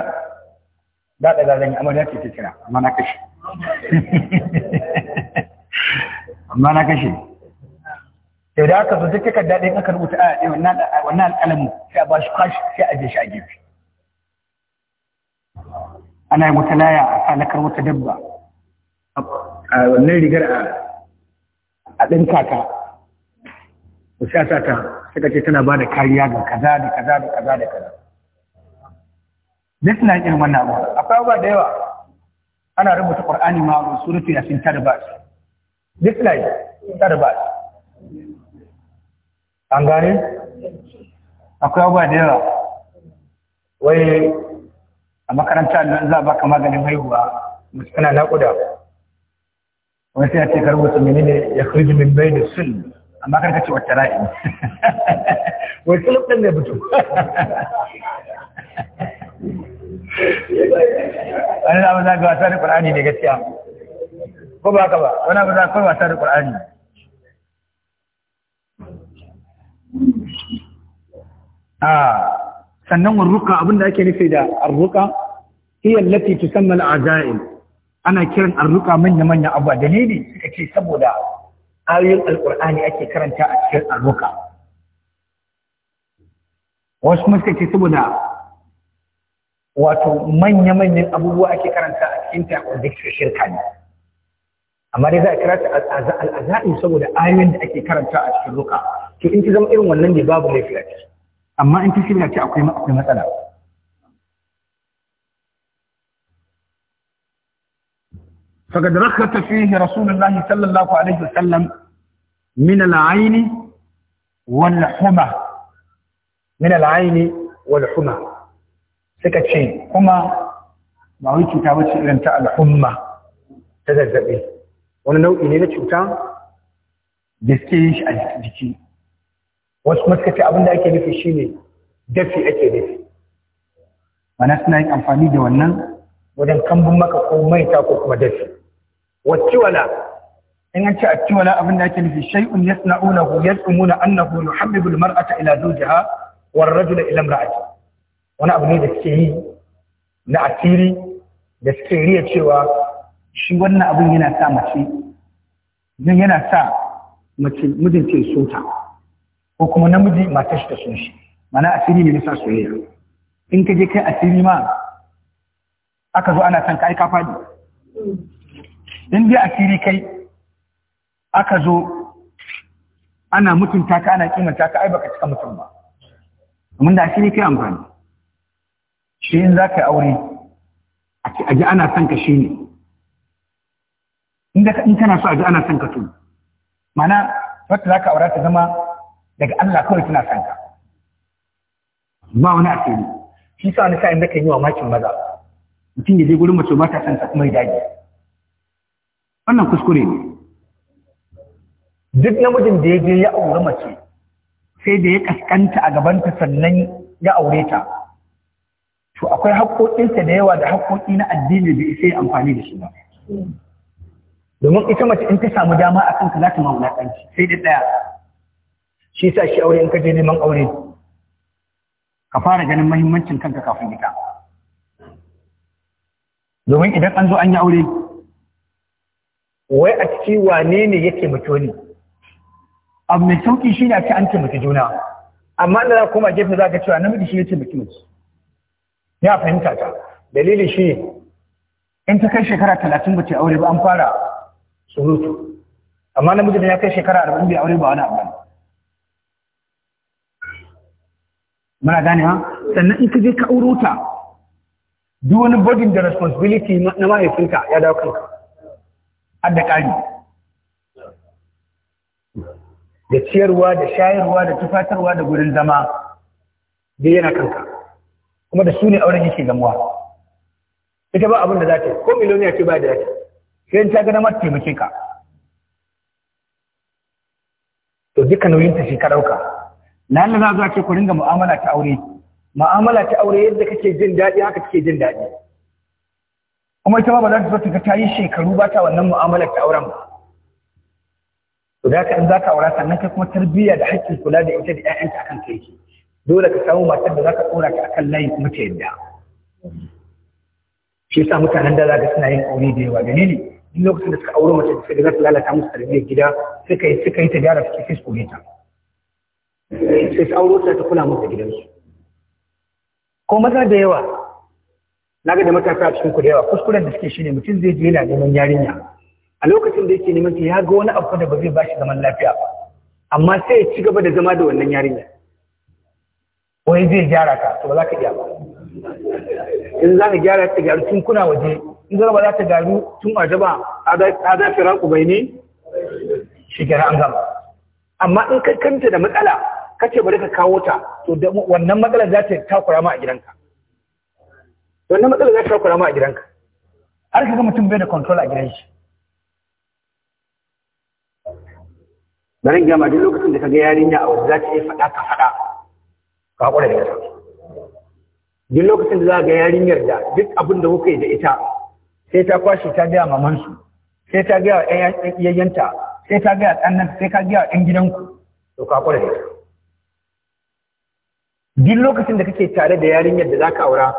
za a ɗaga zan yi amarya ce ke kira amma na kashe (laughs) amma na kashe idan aka zo duk takarda ɗin aka rubuta a wannan alƙalamin sai a ba shi kwashi sai a je shi a gefe ana yin wata laya a salakar wata dabba a wannan rigar a ɗin kaka ku sha sata, suka ce tana ba da kariya ga kaza da kaza da kaza da kaza duk na irin wannan abu akwai ba da yawa ana rubuta qur'ani ma suratu ya ta da ba duk na ta da ba an gane akwai ba da yawa wai a makaranta da za a baka maganin haihuwa mace tana naƙuda wani sai ya ce karbo su menene ya kuri min bai da sun amma karka ce wata ra'i (laughs) wai sun ɗin ne butu (laughs) wani abu za ga wasa da ƙur'ani ne gaskiya ko ba ka ba wani abu za ka wasa da ƙur'ani a ah. sannan warruka abinda ake nufi da arruka hiya allati tusamma al'azail ana kiran arruka manya manya abu dalili suka ce saboda ayoyin alqur'ani ake karanta a cikin arruka wasu kuma suka ce saboda wato manya manyan abubuwa ake karanta a cikin ta wanda ke shirka ne amma dai za a karanta al'azail saboda ayoyin da ake karanta a cikin ruka to in ki zama irin wannan ne babu laifi a amma in ta shirya ce akwai akwai matsala فقد رخت فيه رسول الله صلى الله عليه وسلم من العين والحمى من العين والحمى سكت حمى ما هو cuta wacce irin ta al'umma ta zazzaɓi wani nau'i ne na cuta gaske yin shi a jiki wasu kuma suka abin da ake nufi shine dafi ake nufi mana suna yin amfani da wannan wajen kambun maka ko maita ko kuma dafi wacciwala in an ce acciwala abin da ake nufi shay'un yasna'unahu yaz'umuna annahu yuhabbibu al-mar'ata ila zawjiha war rajula ila imra'ati wani abu ne da suke yi na asiri da suke riya cewa shi wannan abin yana sa mace yana sa mace mijin ce sota ko kuma namiji matar shi ta sun shi mana asiri ne nisa soyayya in ka je kai asiri ma aka zo ana son ka aika fadi in dai asiri kai aka zo ana mutunta ka ana kimanta ka ai baka cika mutum ba domin da asiri kai amfani shi in za ka yi aure a ji ana son ka shi ne in kana so a ji ana son ka to mana wata za ka aura ta zama daga Allah kawai suna son ka ba wani asiri shi sa wani sa'in nakan yi wa makin maza mutum ya je gurin mace ba ta sa kuma ya dage wannan kuskure ne duk namijin da ya je ya aure mace sai da ya kaskanta a gabanta sannan ya aure ta to akwai haƙoƙinsa da yawa da haƙoƙi na addini da isa ya amfani da shi ba domin ita mace in ta samu dama a kanka za ta mawulaƙanci sai da ɗaya shi sa shi aure in ka je neman aure ka fara ganin mahimmancin kanka kafin ita domin idan an zo an yi aure wai a ciki wane ne ya taimaki wani abu mai sauki shi ne a ce an taimaki juna amma da za koma gefe za ka cewa namiji shi ya taimaki mace ya fahimta ta dalili shi in ta kai shekara talatin ba ce aure ba an fara surutu amma namiji da ya kai shekara arba'in bai aure ba wani abu muna ganewa sannan in ka je ka uruta duk wani burden da responsibility na mahaifinka ya dawo kanka har da ƙari da ciyarwa da shayarwa da tufatarwa da gurin zama da yana kanka kuma da su ne auren yake gamuwa ita ba abin da za ta yi ko miliyoniya ce ba da yake sai ta ga mata taimakin ka to duka nauyin ta shi ka ɗauka lalla za zuwa ce ku ringa mu'amala ta aure mu'amala ta aure yadda kake jin daɗi haka kake jin daɗi kuma ita ma ba za ta zo ta ta yi shekaru ba ta wannan mu'amalar ta auren ba to da in za ka aura sannan kai kuma tarbiyya da haƙƙin kula da ita da ƴaƴanta akan kai ke dole ka samu matar da za ka ɗora ta akan layi kuma ta yadda shi yasa mutanen da za ka suna yin aure da yawa ne, duk lokacin da suka auri mace da suka za ta lalata musu tarbiyyar gida suka yi suka ta gyara suke sai ta sai ta ta kula masa gidansu ko maza da yawa na ga da matasa cikin ku yawa kuskuren da suke shine mutum zai je yana neman yarinya a lokacin da yake neman ta ya ga wani abu da ba zai bashi zaman lafiya ba amma sai ya ci gaba da zama da wannan yarinya wai zai gyara ka to ba za ka iya ba in za ka gyara ta gyaru tun kuna waje in zama ba za ta gyaru tun waje ba a za ta bai ne shi gyara an gama amma in ka kanta da matsala kace bari ka kawo ta to wannan matsalar za ta takura ma a gidanka wannan matsalar za ta takura ma a gidanka har ka ga mutum bai da control a gidan shi bari ga ma duk lokacin da ka ga yarinya a wanda za ta iya faɗa ka faɗa ka kware da ita duk lokacin da za ga yarinyar da duk abin da kuka yi da ita sai ta kwashe ta gaya mamansu sai ta gaya wa yayyanta sai ta gaya nan sai ka gaya wa ɗan gidanku to ka kware da ita duk lokacin da kake tare da yarinyar da ka aura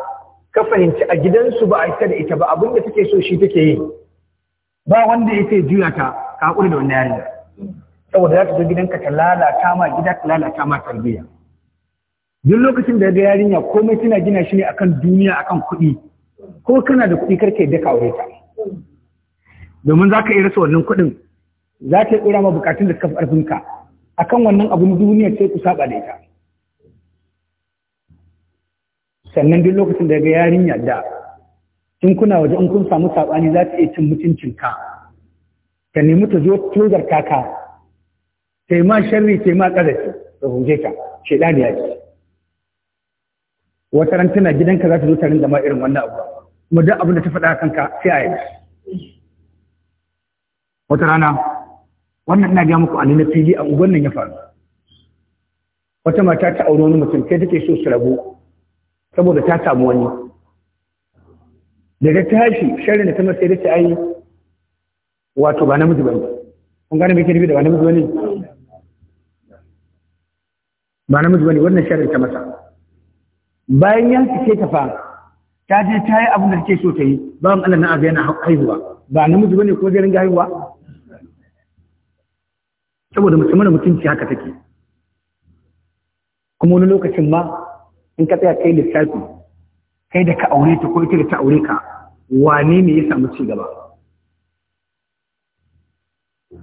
ka fahimci a gidansu ba a isa da ita ba abin da take so shi take yi ba wanda ya ce juya ta ka hakuri da wannan yarinyar saboda za ta zo gidanka ta lalata ma gida ta lalata ma tarbiyya duk lokacin da ga yarinya komai tana gina shi ne akan duniya akan kuɗi ko kana da kuɗi karka yadda ka aure ta domin za ka iya rasa wannan kuɗin za ta iya ma bukatun da suka fi ƙarfinka akan wannan abun duniya sai ku saba da ita sannan duk lokacin da ga yarinya da in kuna waje in kun samu saɓani za ta iya cin mutuncinka ka nemi ta zo tozar kaka sai ma sharri sai ma ƙazafi da huje ka shaidani ya ce wata ran tana gidanka za ta zo ta rinda ma irin wannan abu kuma duk abin da ta faɗa kanka sai a yi wata rana wannan ina ga muku annabi fili a ubannin ya faru wata mata ta aure wani mutum sai take so su rabu saboda ta samu wani daga tashi sharrin da ta masa ya ce ai wato ba namiji ne kun gane me yake da ba namiji ne ba namiji ne wannan sharrin ta masa bayan ya fice ta fa ta je ta yi abin da take so ta yi bayan Allah na azai yana haihuwa ba namiji ne ko zai ringa haihuwa saboda musamman mutunci haka take kuma wani lokacin ma in ka tsaya kai lissafi kai da ka aure ta ko ita da ta aure ka wane ne ya samu ci gaba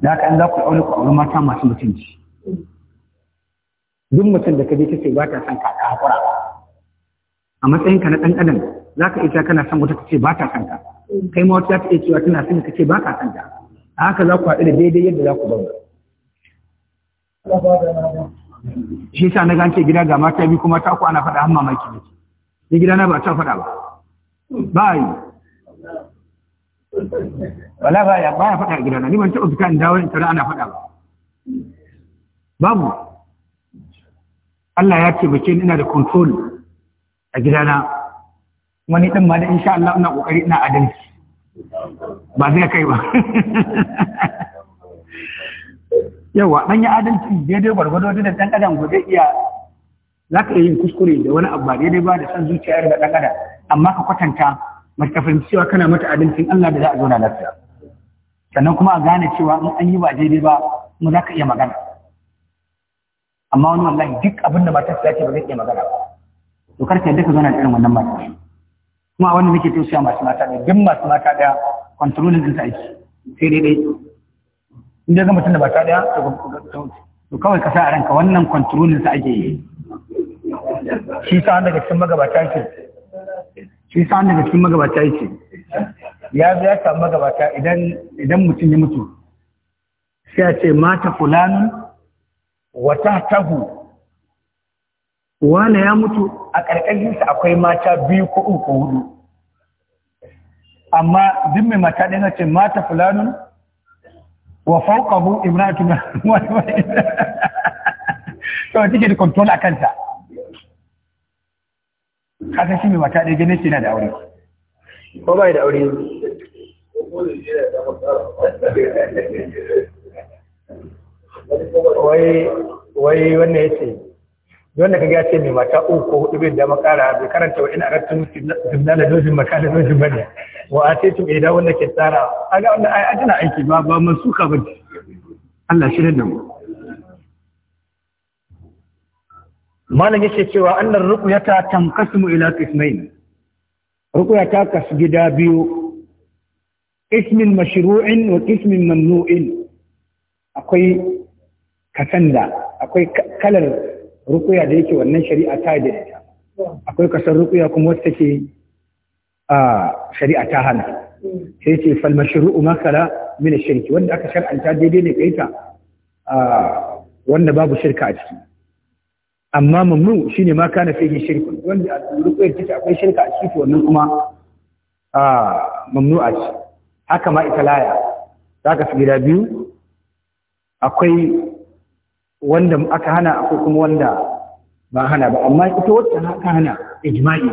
da haka an za ku aure ku aure mata masu mutunci duk mutum da ka je kace ba ta son ka ta hakura a matsayin ka na dan adam ka ita kana son wata kace ba ta son ka kai ma wata ta ce cewa tana son kace ba ka son ta haka za ku haɗu da daidai yadda za ku bauta shi sa na ganke gida ga mata bi kuma ta ku ana faɗa hamma maki ne ni gida na ba ta faɗa ba ba yi wala ba ya ba ya faɗa gida na ni ban taɓa fita in dawo in tara ana faɗa ba babu Allah ya ce bace ina da control a gidana wani ɗin ma da insha Allah ina ƙoƙari ina adalci ba zai kai ba (laughs) yawa an yi adalci daidai gwargwado da ɗan adam ko zai iya za ka yin kuskure da wani abu ba daidai ba da san zuciyar da ɗan adam amma ka kwatanta mace fahimci cewa kana mata adalcin Allah da za a zauna lafiya sannan kuma a gane cewa in an yi ba daidai ba kuma za ka iya magana amma wani wallahi duk abin da matar ta ce ba zai iya magana ba to karka yadda ka zauna da irin wannan mata kuma a wannan nake tausaya masu mata ne duk masu mata daya kontrolin ɗinta aiki sai daidai in dai ga mutum da ba ta daya to kawai ka sa a ranka wannan kwantrolin sa ake yi shi sa daga cikin magabata yake shi sa daga cikin magabata ce. ya zai ya samu magabata idan mutum ya mutu sai a ce mata fulanun Wata tahu. wane ya mutu a sa akwai mata biyu ko uku ko hudu amma duk mai mata ɗaya na ce mata fulanun wa fawqahu imratu (laughs) to take da control a kanta kaga shi mai mata ɗaya ganin shi na da aure ko da aure wannan wanda ka ya ce mai mata uku ko hudu bai da makara bai karanta wa ina rattun gimna da dojin maka da dojin bane wa a ce tun idan wanda ke tsara a ga wanda ai ajina aiki ba ba mun suka ba Allah shi da mu malam yake cewa annar ta tamqasmu ila qismayn ruqya ta kasu gida biyu ismin mashru'in wa ismin mamnu'in akwai katanda akwai kalar rukuya da yake wannan shari'a ta da ita akwai kasar rukuya kuma wacce take a shari'a ta hana sai ce fal mashru'u makala min shirki wanda aka shar'anta daidai ne kai ta wanda babu shirka a ciki amma mamnu shine ma kana fihi shirku wanda rukuyar take akwai shirka a ciki wannan kuma mamnu a ciki haka ma ita laya zaka fi gida biyu akwai wanda aka hana akwai kuma wanda ba hana ba amma ita wacce aka hana ijma'i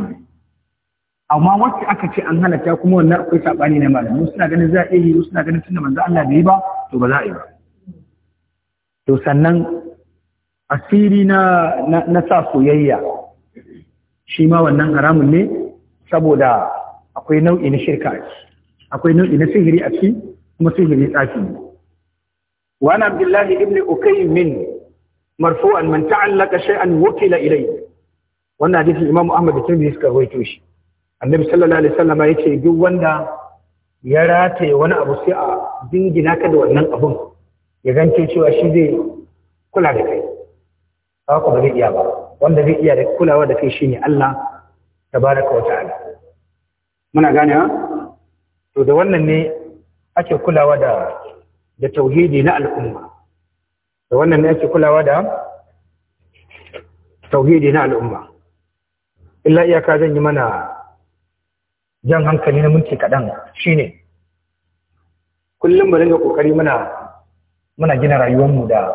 amma wacce aka ce an hana ta kuma wannan akwai sabani na malamai suna ganin za a iya yi suna ganin tunda manzo Allah bai ba to ba za a yi ba to sannan asiri na na sa soyayya shi ma wannan haramun ne saboda akwai nau'i na shirka akwai nau'i na sihiri a cikin, kuma sihiri tsafi ne wa ana abdullahi ibn ukaymin marfu'an man ta'allaka shay'an wukila ilayhi wannan hadisin Imam Ahmad da Tirmidhi suka rawaito shi Annabi sallallahu alaihi wasallam yace duk wanda ya rataye wani abu sai a dingina ka da wannan abun ya gance cewa shi zai kula da kai ba ku ba zai iya ba wanda zai iya da kulawa da kai shine Allah tabaraka wa ta'ala muna gane ha to da wannan ne ake kulawa da da tauhidi na al'umma da wannan ne ake kulawa da tauhidi na al'umma illa iyaka zan yi mana jan hankali na minti kaɗan shine kullum ba dinga kokari muna muna gina rayuwarmu da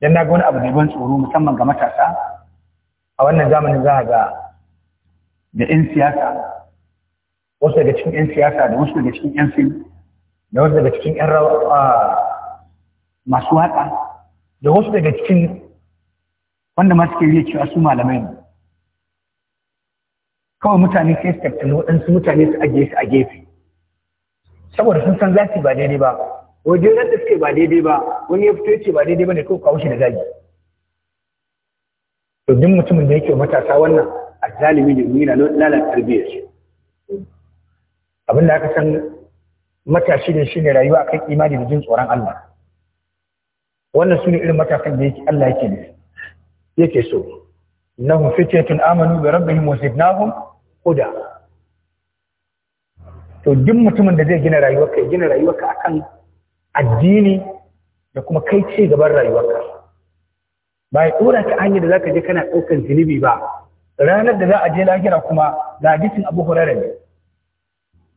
dan na ga wani abu da ban tsoro musamman ga matasa a wannan zamanin za a ga da 'yan siyasa wasu daga cikin 'yan siyasa da wasu daga cikin 'yan fim da wasu daga cikin 'yan rawa, masu watsa. da wasu daga cikin wanda ma suke yi cewa su malamai ne kawai mutane sai su tattali waɗansu mutane su ajiye su a gefe saboda sun san za ba daidai ba wajen da suke ba daidai ba wani ya fito ya ce ba daidai ba ne ko kawo shi da zagi to duk mutumin da yake matasa wannan azzalimi ne na lalata tarbiyyar shi abin da aka san matashi ne shine rayuwa akan imani da jin tsoron Allah wannan su ne irin matakan da yake Allah yake nufi yake so innahum fityatun amanu bi rabbihim wa zidnahum huda to duk mutumin da zai gina rayuwarka ya gina rayuwarka akan addini da kuma kai ce gaban rayuwarka ba ya tsora ka hanyar da zaka je kana ɗaukar zunubi ba ranar da za a je lahira kuma ga hadisin Abu Hurairah ne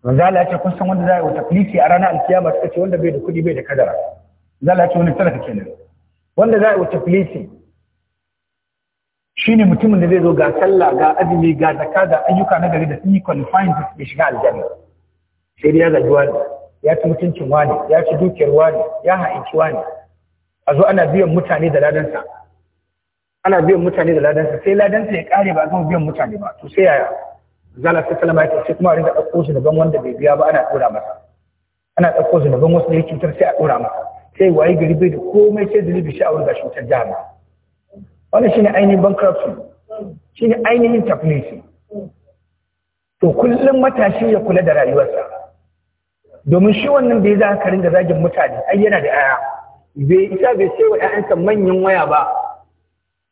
manzo Allah ya ce kun san wanda za a yi wa taklifi a ranar alkiyama suka ce wanda bai da kuɗi bai da kadara zala ce wani talaka kenan wanda za a yi Shi ne mutumin da zai zo ga sallah ga azumi ga zaka ga ayyuka na gari da sun yi confined da suke shiga aljanna sai dai ya zagi wani ya ci mutuncin wani ya ci dukiyar wani ya haƙiƙi wani a zo ana biyan mutane da ladansa ana biyan mutane da ladansa sai ladansa ya kare ba a zama biyan mutane ba to sai yaya zala ta kalama ita sai kuma a rinka ɗauko zunuban wanda bai biya ba ana ɗora masa ana ɗauko zunuban wasu da ya cutar sai a ɗora masa sai waye gari bai da komai sai da libi sha'awar wurga shi wutar Wani wannan shine ainihin bankruptcy shine ainihin tafnisi to kullum matashi ya kula da rayuwarsa domin shi wannan bai za ka ringa zagin mutane ai yana da yaya bai isa bai sai wa ƴaƴansa manyan waya ba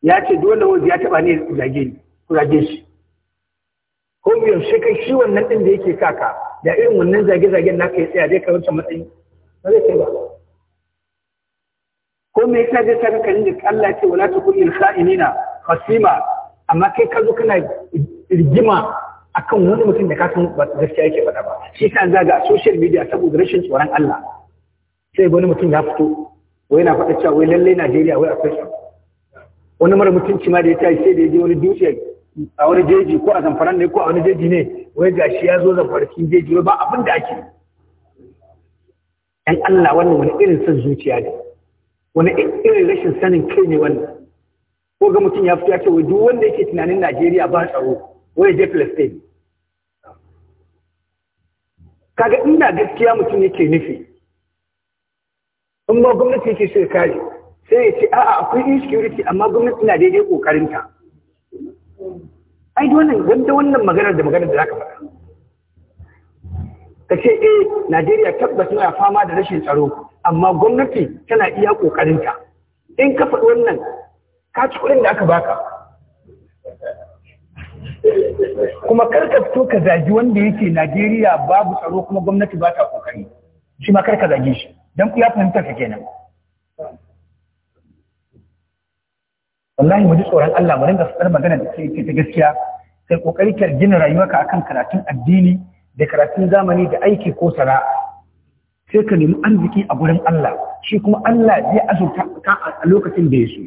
ya ce dole wanzu ya taɓa ne zage ni zage shi ko shi kai shi wannan ɗin da yake kaka da irin wannan zage-zagen naka ya tsaya zai ka wuce matsayi ba zai kai ba ko me ka je ka kan da Allah ce wala ta kulil kha'inina khasima amma kai ka zo kana rigima akan wani mutum da ka san gaskiya yake faɗa ba shi ka zaga a social media saboda rashin tsoron Allah sai wani mutum ya fito wai na faɗa cewa wai lallai Najeriya wai akwai shi wani mara mutunci ma da ya tashi sai da ya je wani dutse a wani jeji ko a zamfaran ne ko a wani jeji ne wai gashi ya zo zamfarkin jeji ba abin da ake yan Allah wannan wani irin son zuciya ne wani irin rashin sanin kai ne wannan ko ga mutum ya fito ya ce duk wanda yake tunanin Najeriya ba tsaro wai je Palestine kaga ina gaskiya mutum yake nufi in ma gwamnati yake so kare sai ya ce a'a akwai insecurity amma gwamnati na daidai kokarinta ai wannan wanda wannan maganar da maganar da zaka faɗa ka ce eh Najeriya tabbas na fama da rashin tsaro amma gwamnati tana iya ƙoƙarinta in ka faɗi wannan ka ci kuɗin da aka baka kuma karka fito ka zagi wanda yake Najeriya babu tsaro kuma gwamnati ba ta ƙoƙari shi ma karka zagi shi don ya fahimtar ka kenan wallahi mu ji tsoron Allah mu ringa fadar magana da ke ta gaskiya sai kokari ka gina rayuwarka akan karatun addini da karatun zamani da aiki ko sana'a sai ka nemi arziki a gurin Allah shi kuma Allah zai azurta ka a lokacin da ya so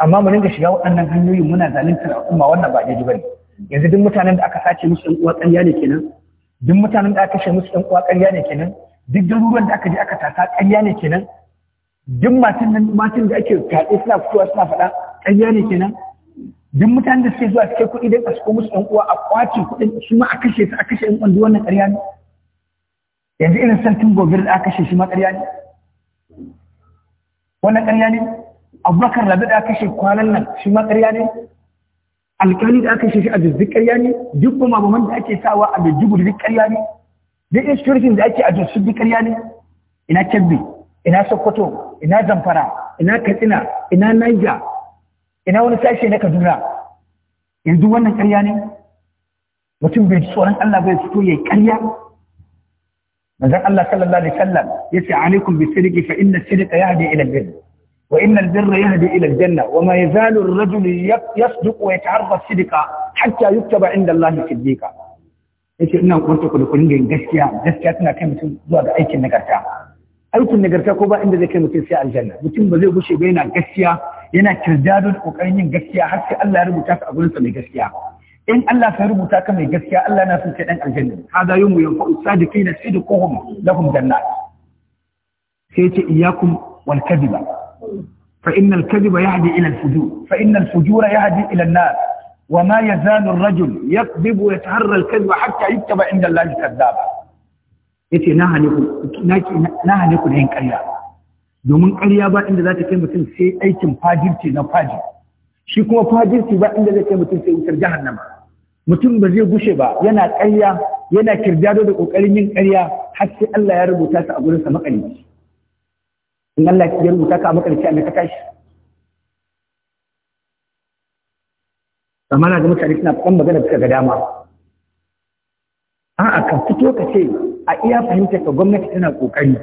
amma mu ringa shiga waɗannan hanyoyin muna zaluntar al'umma wannan ba daidai bane yanzu duk mutanen da aka sace musu ɗan uwa ƙarya ne kenan duk mutanen da aka kashe musu ɗan uwa ƙarya ne kenan duk garuruwan da aka je aka tasa ƙarya ne kenan duk matan nan matan da ake kaɗe suna fitowa suna faɗa ƙarya ne kenan duk mutanen da suke zuwa suke kuɗi don a ko musu ɗan uwa a kwace kuɗin su ma a kashe su a kashe ɗan uwan wannan ƙarya ne yanzu irin sarkin gobir da aka kashe shi ma ƙarya ne wannan ƙarya ne abubakar rabi da aka kashe kwanan nan shi ma ƙarya ne alƙali da aka kashe shi a jizzi ƙarya ne duk kuma baman da ake sawa a jijjibu duk ƙarya ne duk insurgin da ake a jizzi duk ƙarya ne ina kebbi ina sokoto ina zamfara ina katsina ina niger ina wani sashe na kaduna yanzu wannan ƙarya ne mutum bai tsoron allah bai fito ya yi ƙarya manzon Allah sallallahu alaihi wasallam yace alaikum bisirqi fa inna sirqa yahdi ila albirr wa inna albirra yahdi ila janna. wa ma yazalu ar-rajul yasduq wa yata'arra sidqa hatta yuktaba inda Allah siddiqa yace ina kwanta ku da kullun gaskiya gaskiya tana kai mutum zuwa ga aikin nagarta aikin nagarta ko ba inda zai kai mutum sai aljanna mutum ba zai gushe ba yana gaskiya yana kirdadon kokarin yin gaskiya har sai Allah ya rubuta su a gurinsa mai gaskiya in Allah ka rubuta ka mai gaskiya Allah na son kai dan aljanna hada yawmu yanfa'u sadiqina sidquhum lahum jannat sai ce iyyakum wal kadhiba fa innal kadhiba yahdi ila al fujur fa innal fujura yahdi ila an nar wa ma yazalu ar rajul yakdhibu wa yataharra al kadhiba hatta yuktaba inda Allah kadhaba yace na hane ku na hane ku da yin ƙarya domin ƙarya ba inda za ta kai mutum sai aikin fajirce na fajirce shi kuma fajirci ba inda zai kai mutum sai wutar jahannama mutum ba zai gushe ba yana ƙarya yana kirjado da ƙoƙarin yin ƙarya har sai Allah ya rubuta ka a gurinsa makalici in Allah ya rubuta ka a makalici a ka tashi na ga mutane suna kan magana suka ga dama a'a ka fito ka ce a iya fahimta ka gwamnati tana ƙoƙari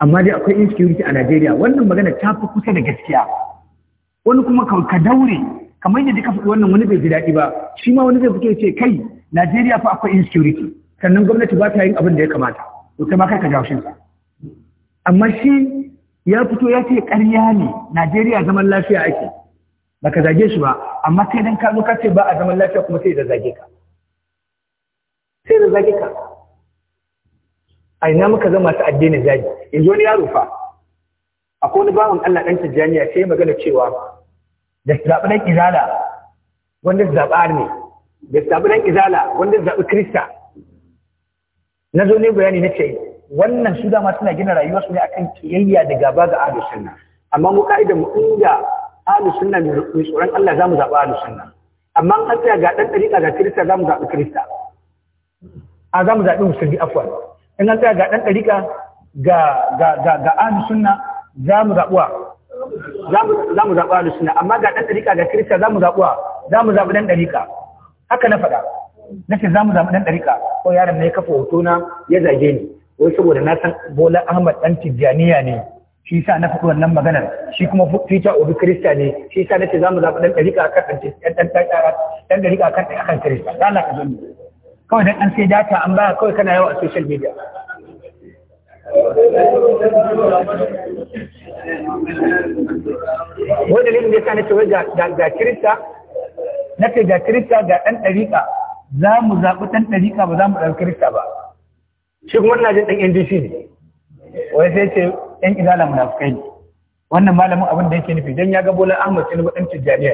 amma dai akwai insecurity a Najeriya wannan magana ta fi kusa da gaskiya wani kuma ka daure kamar yadda ka faɗi wannan wani bai ji daɗi ba shi ma wani zai fito ce kai Najeriya fa akwai insecurity sannan gwamnati ba ta yin abin da ya kamata to kai ma kai ka jawo shi amma shi ya fito ya ce ƙarya ne Najeriya zaman lafiya ake baka zage shi ba amma kai dan ka zo ka ce ba a zaman lafiya kuma sai da zage ka sai da zage ka a ina muka zama ta addinin zagi yanzu wani yaro fa akwai wani bawan Allah ɗan Tijjaniya sai magana cewa da zaɓi ɗan Izala wanda zaɓa ne da zaɓi ɗan Izala wanda zaɓi Kirista na zo ne bayani na ce wannan su dama suna gina su ne akan kiyayya da gaba ga ahlus sunna amma mu ka'idar mu inda ahlus sunna mai tsoron Allah zamu zaɓi ahlus sunna amma an tsaya ga ɗan ɗariƙa ga Kirista zamu zaɓi Kirista a zamu zaɓi musulmi afwan in an tsaya ga ɗan ɗariƙa ga ga ga ga ahlus sunna za mu zaɓuwa za mu amma ga ɗan ɗariƙa ga kirista za mu zaɓuwa za mu zaɓi ɗan ɗariƙa haka na faɗa na ce za mu zaɓi ɗan ɗariƙa ko yaron na ya kafa hoto na ya zage ni wai saboda na san bola ahmad ɗan tijjaniya ne shi sa na faɗi wannan maganar shi kuma fita obi kirista ne shi sa na ce za mu zaɓi ɗan ɗariƙa akan ɗan ɗariƙa akan ɗariƙan kirista za na ka zo kawai ɗan sai data an baya kawai kana yawa a social media wadda dalilin da ya sa na ga kirista na ce ga kirista ga ɗan ɗariƙa za mu zaɓi ɗan ɗariƙa ba za mu ɗan kirista ba shi kuma na jin ɗan ndc ne wai sai ce ɗan izala munafukai ne wannan malamin abin da yake nufi don ya ga bola ahmad tinubu ɗan tijjaniya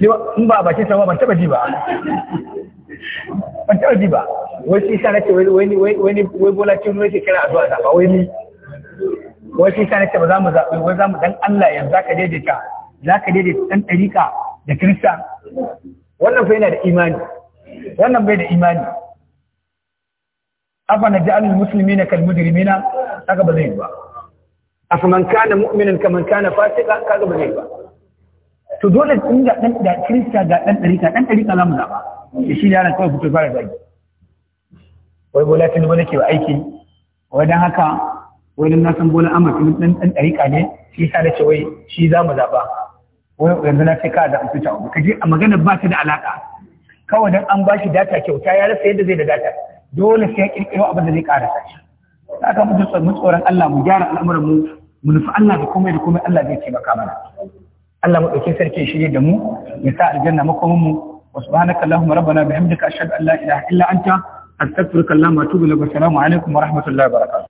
ne in ba a bakin sa ba ban taɓa ji ba ban taɓa ji ba wai shi sa nace wai wai wai bola tun wai ke kira addu'a zaɓa wai ni wai shi sa nace ba za mu zaɓi wai za mu dan Allah yanzu za daidaita za ka daidaita dan ɗariƙa da kirista wannan fa yana da imani wannan bai da imani afa na ja'alul muslimina kal mujrimina kaga ba zai ba afa man kana mu'minan kaman kana fasika kaga ba zai ba to dole in ga dan da kirista ga dan ɗariƙa, dan ɗariƙa za mu zaɓa. shi ne ana kawai fito fara zagi wai bola tun nake wa aiki wai don haka wani na nasan bola amma tun ɗan ɗan ɗariƙa ne shi sa da ce wai shi za mu zaɓa wai yanzu na sai ka zaɓa su ta ka je a magana ba su da alaƙa kawai don an ba shi data kyauta ya rasa yadda zai da data dole sai ya ƙirƙiro abin da zai ƙarasa shi haka mu mu tsoron Allah mu gyara al'amuran mu mu nufi Allah da komai da komai Allah zai taimaka mana Allah mu ɗauki sarki shirye da mu ya sa aljanna makomin mu wa subhanaka allahumma rabbana bihamdika ila an la ilaha illa anta astaghfiruka wa atubu ilaik assalamu alaikum wa rahmatullahi wa barakatuh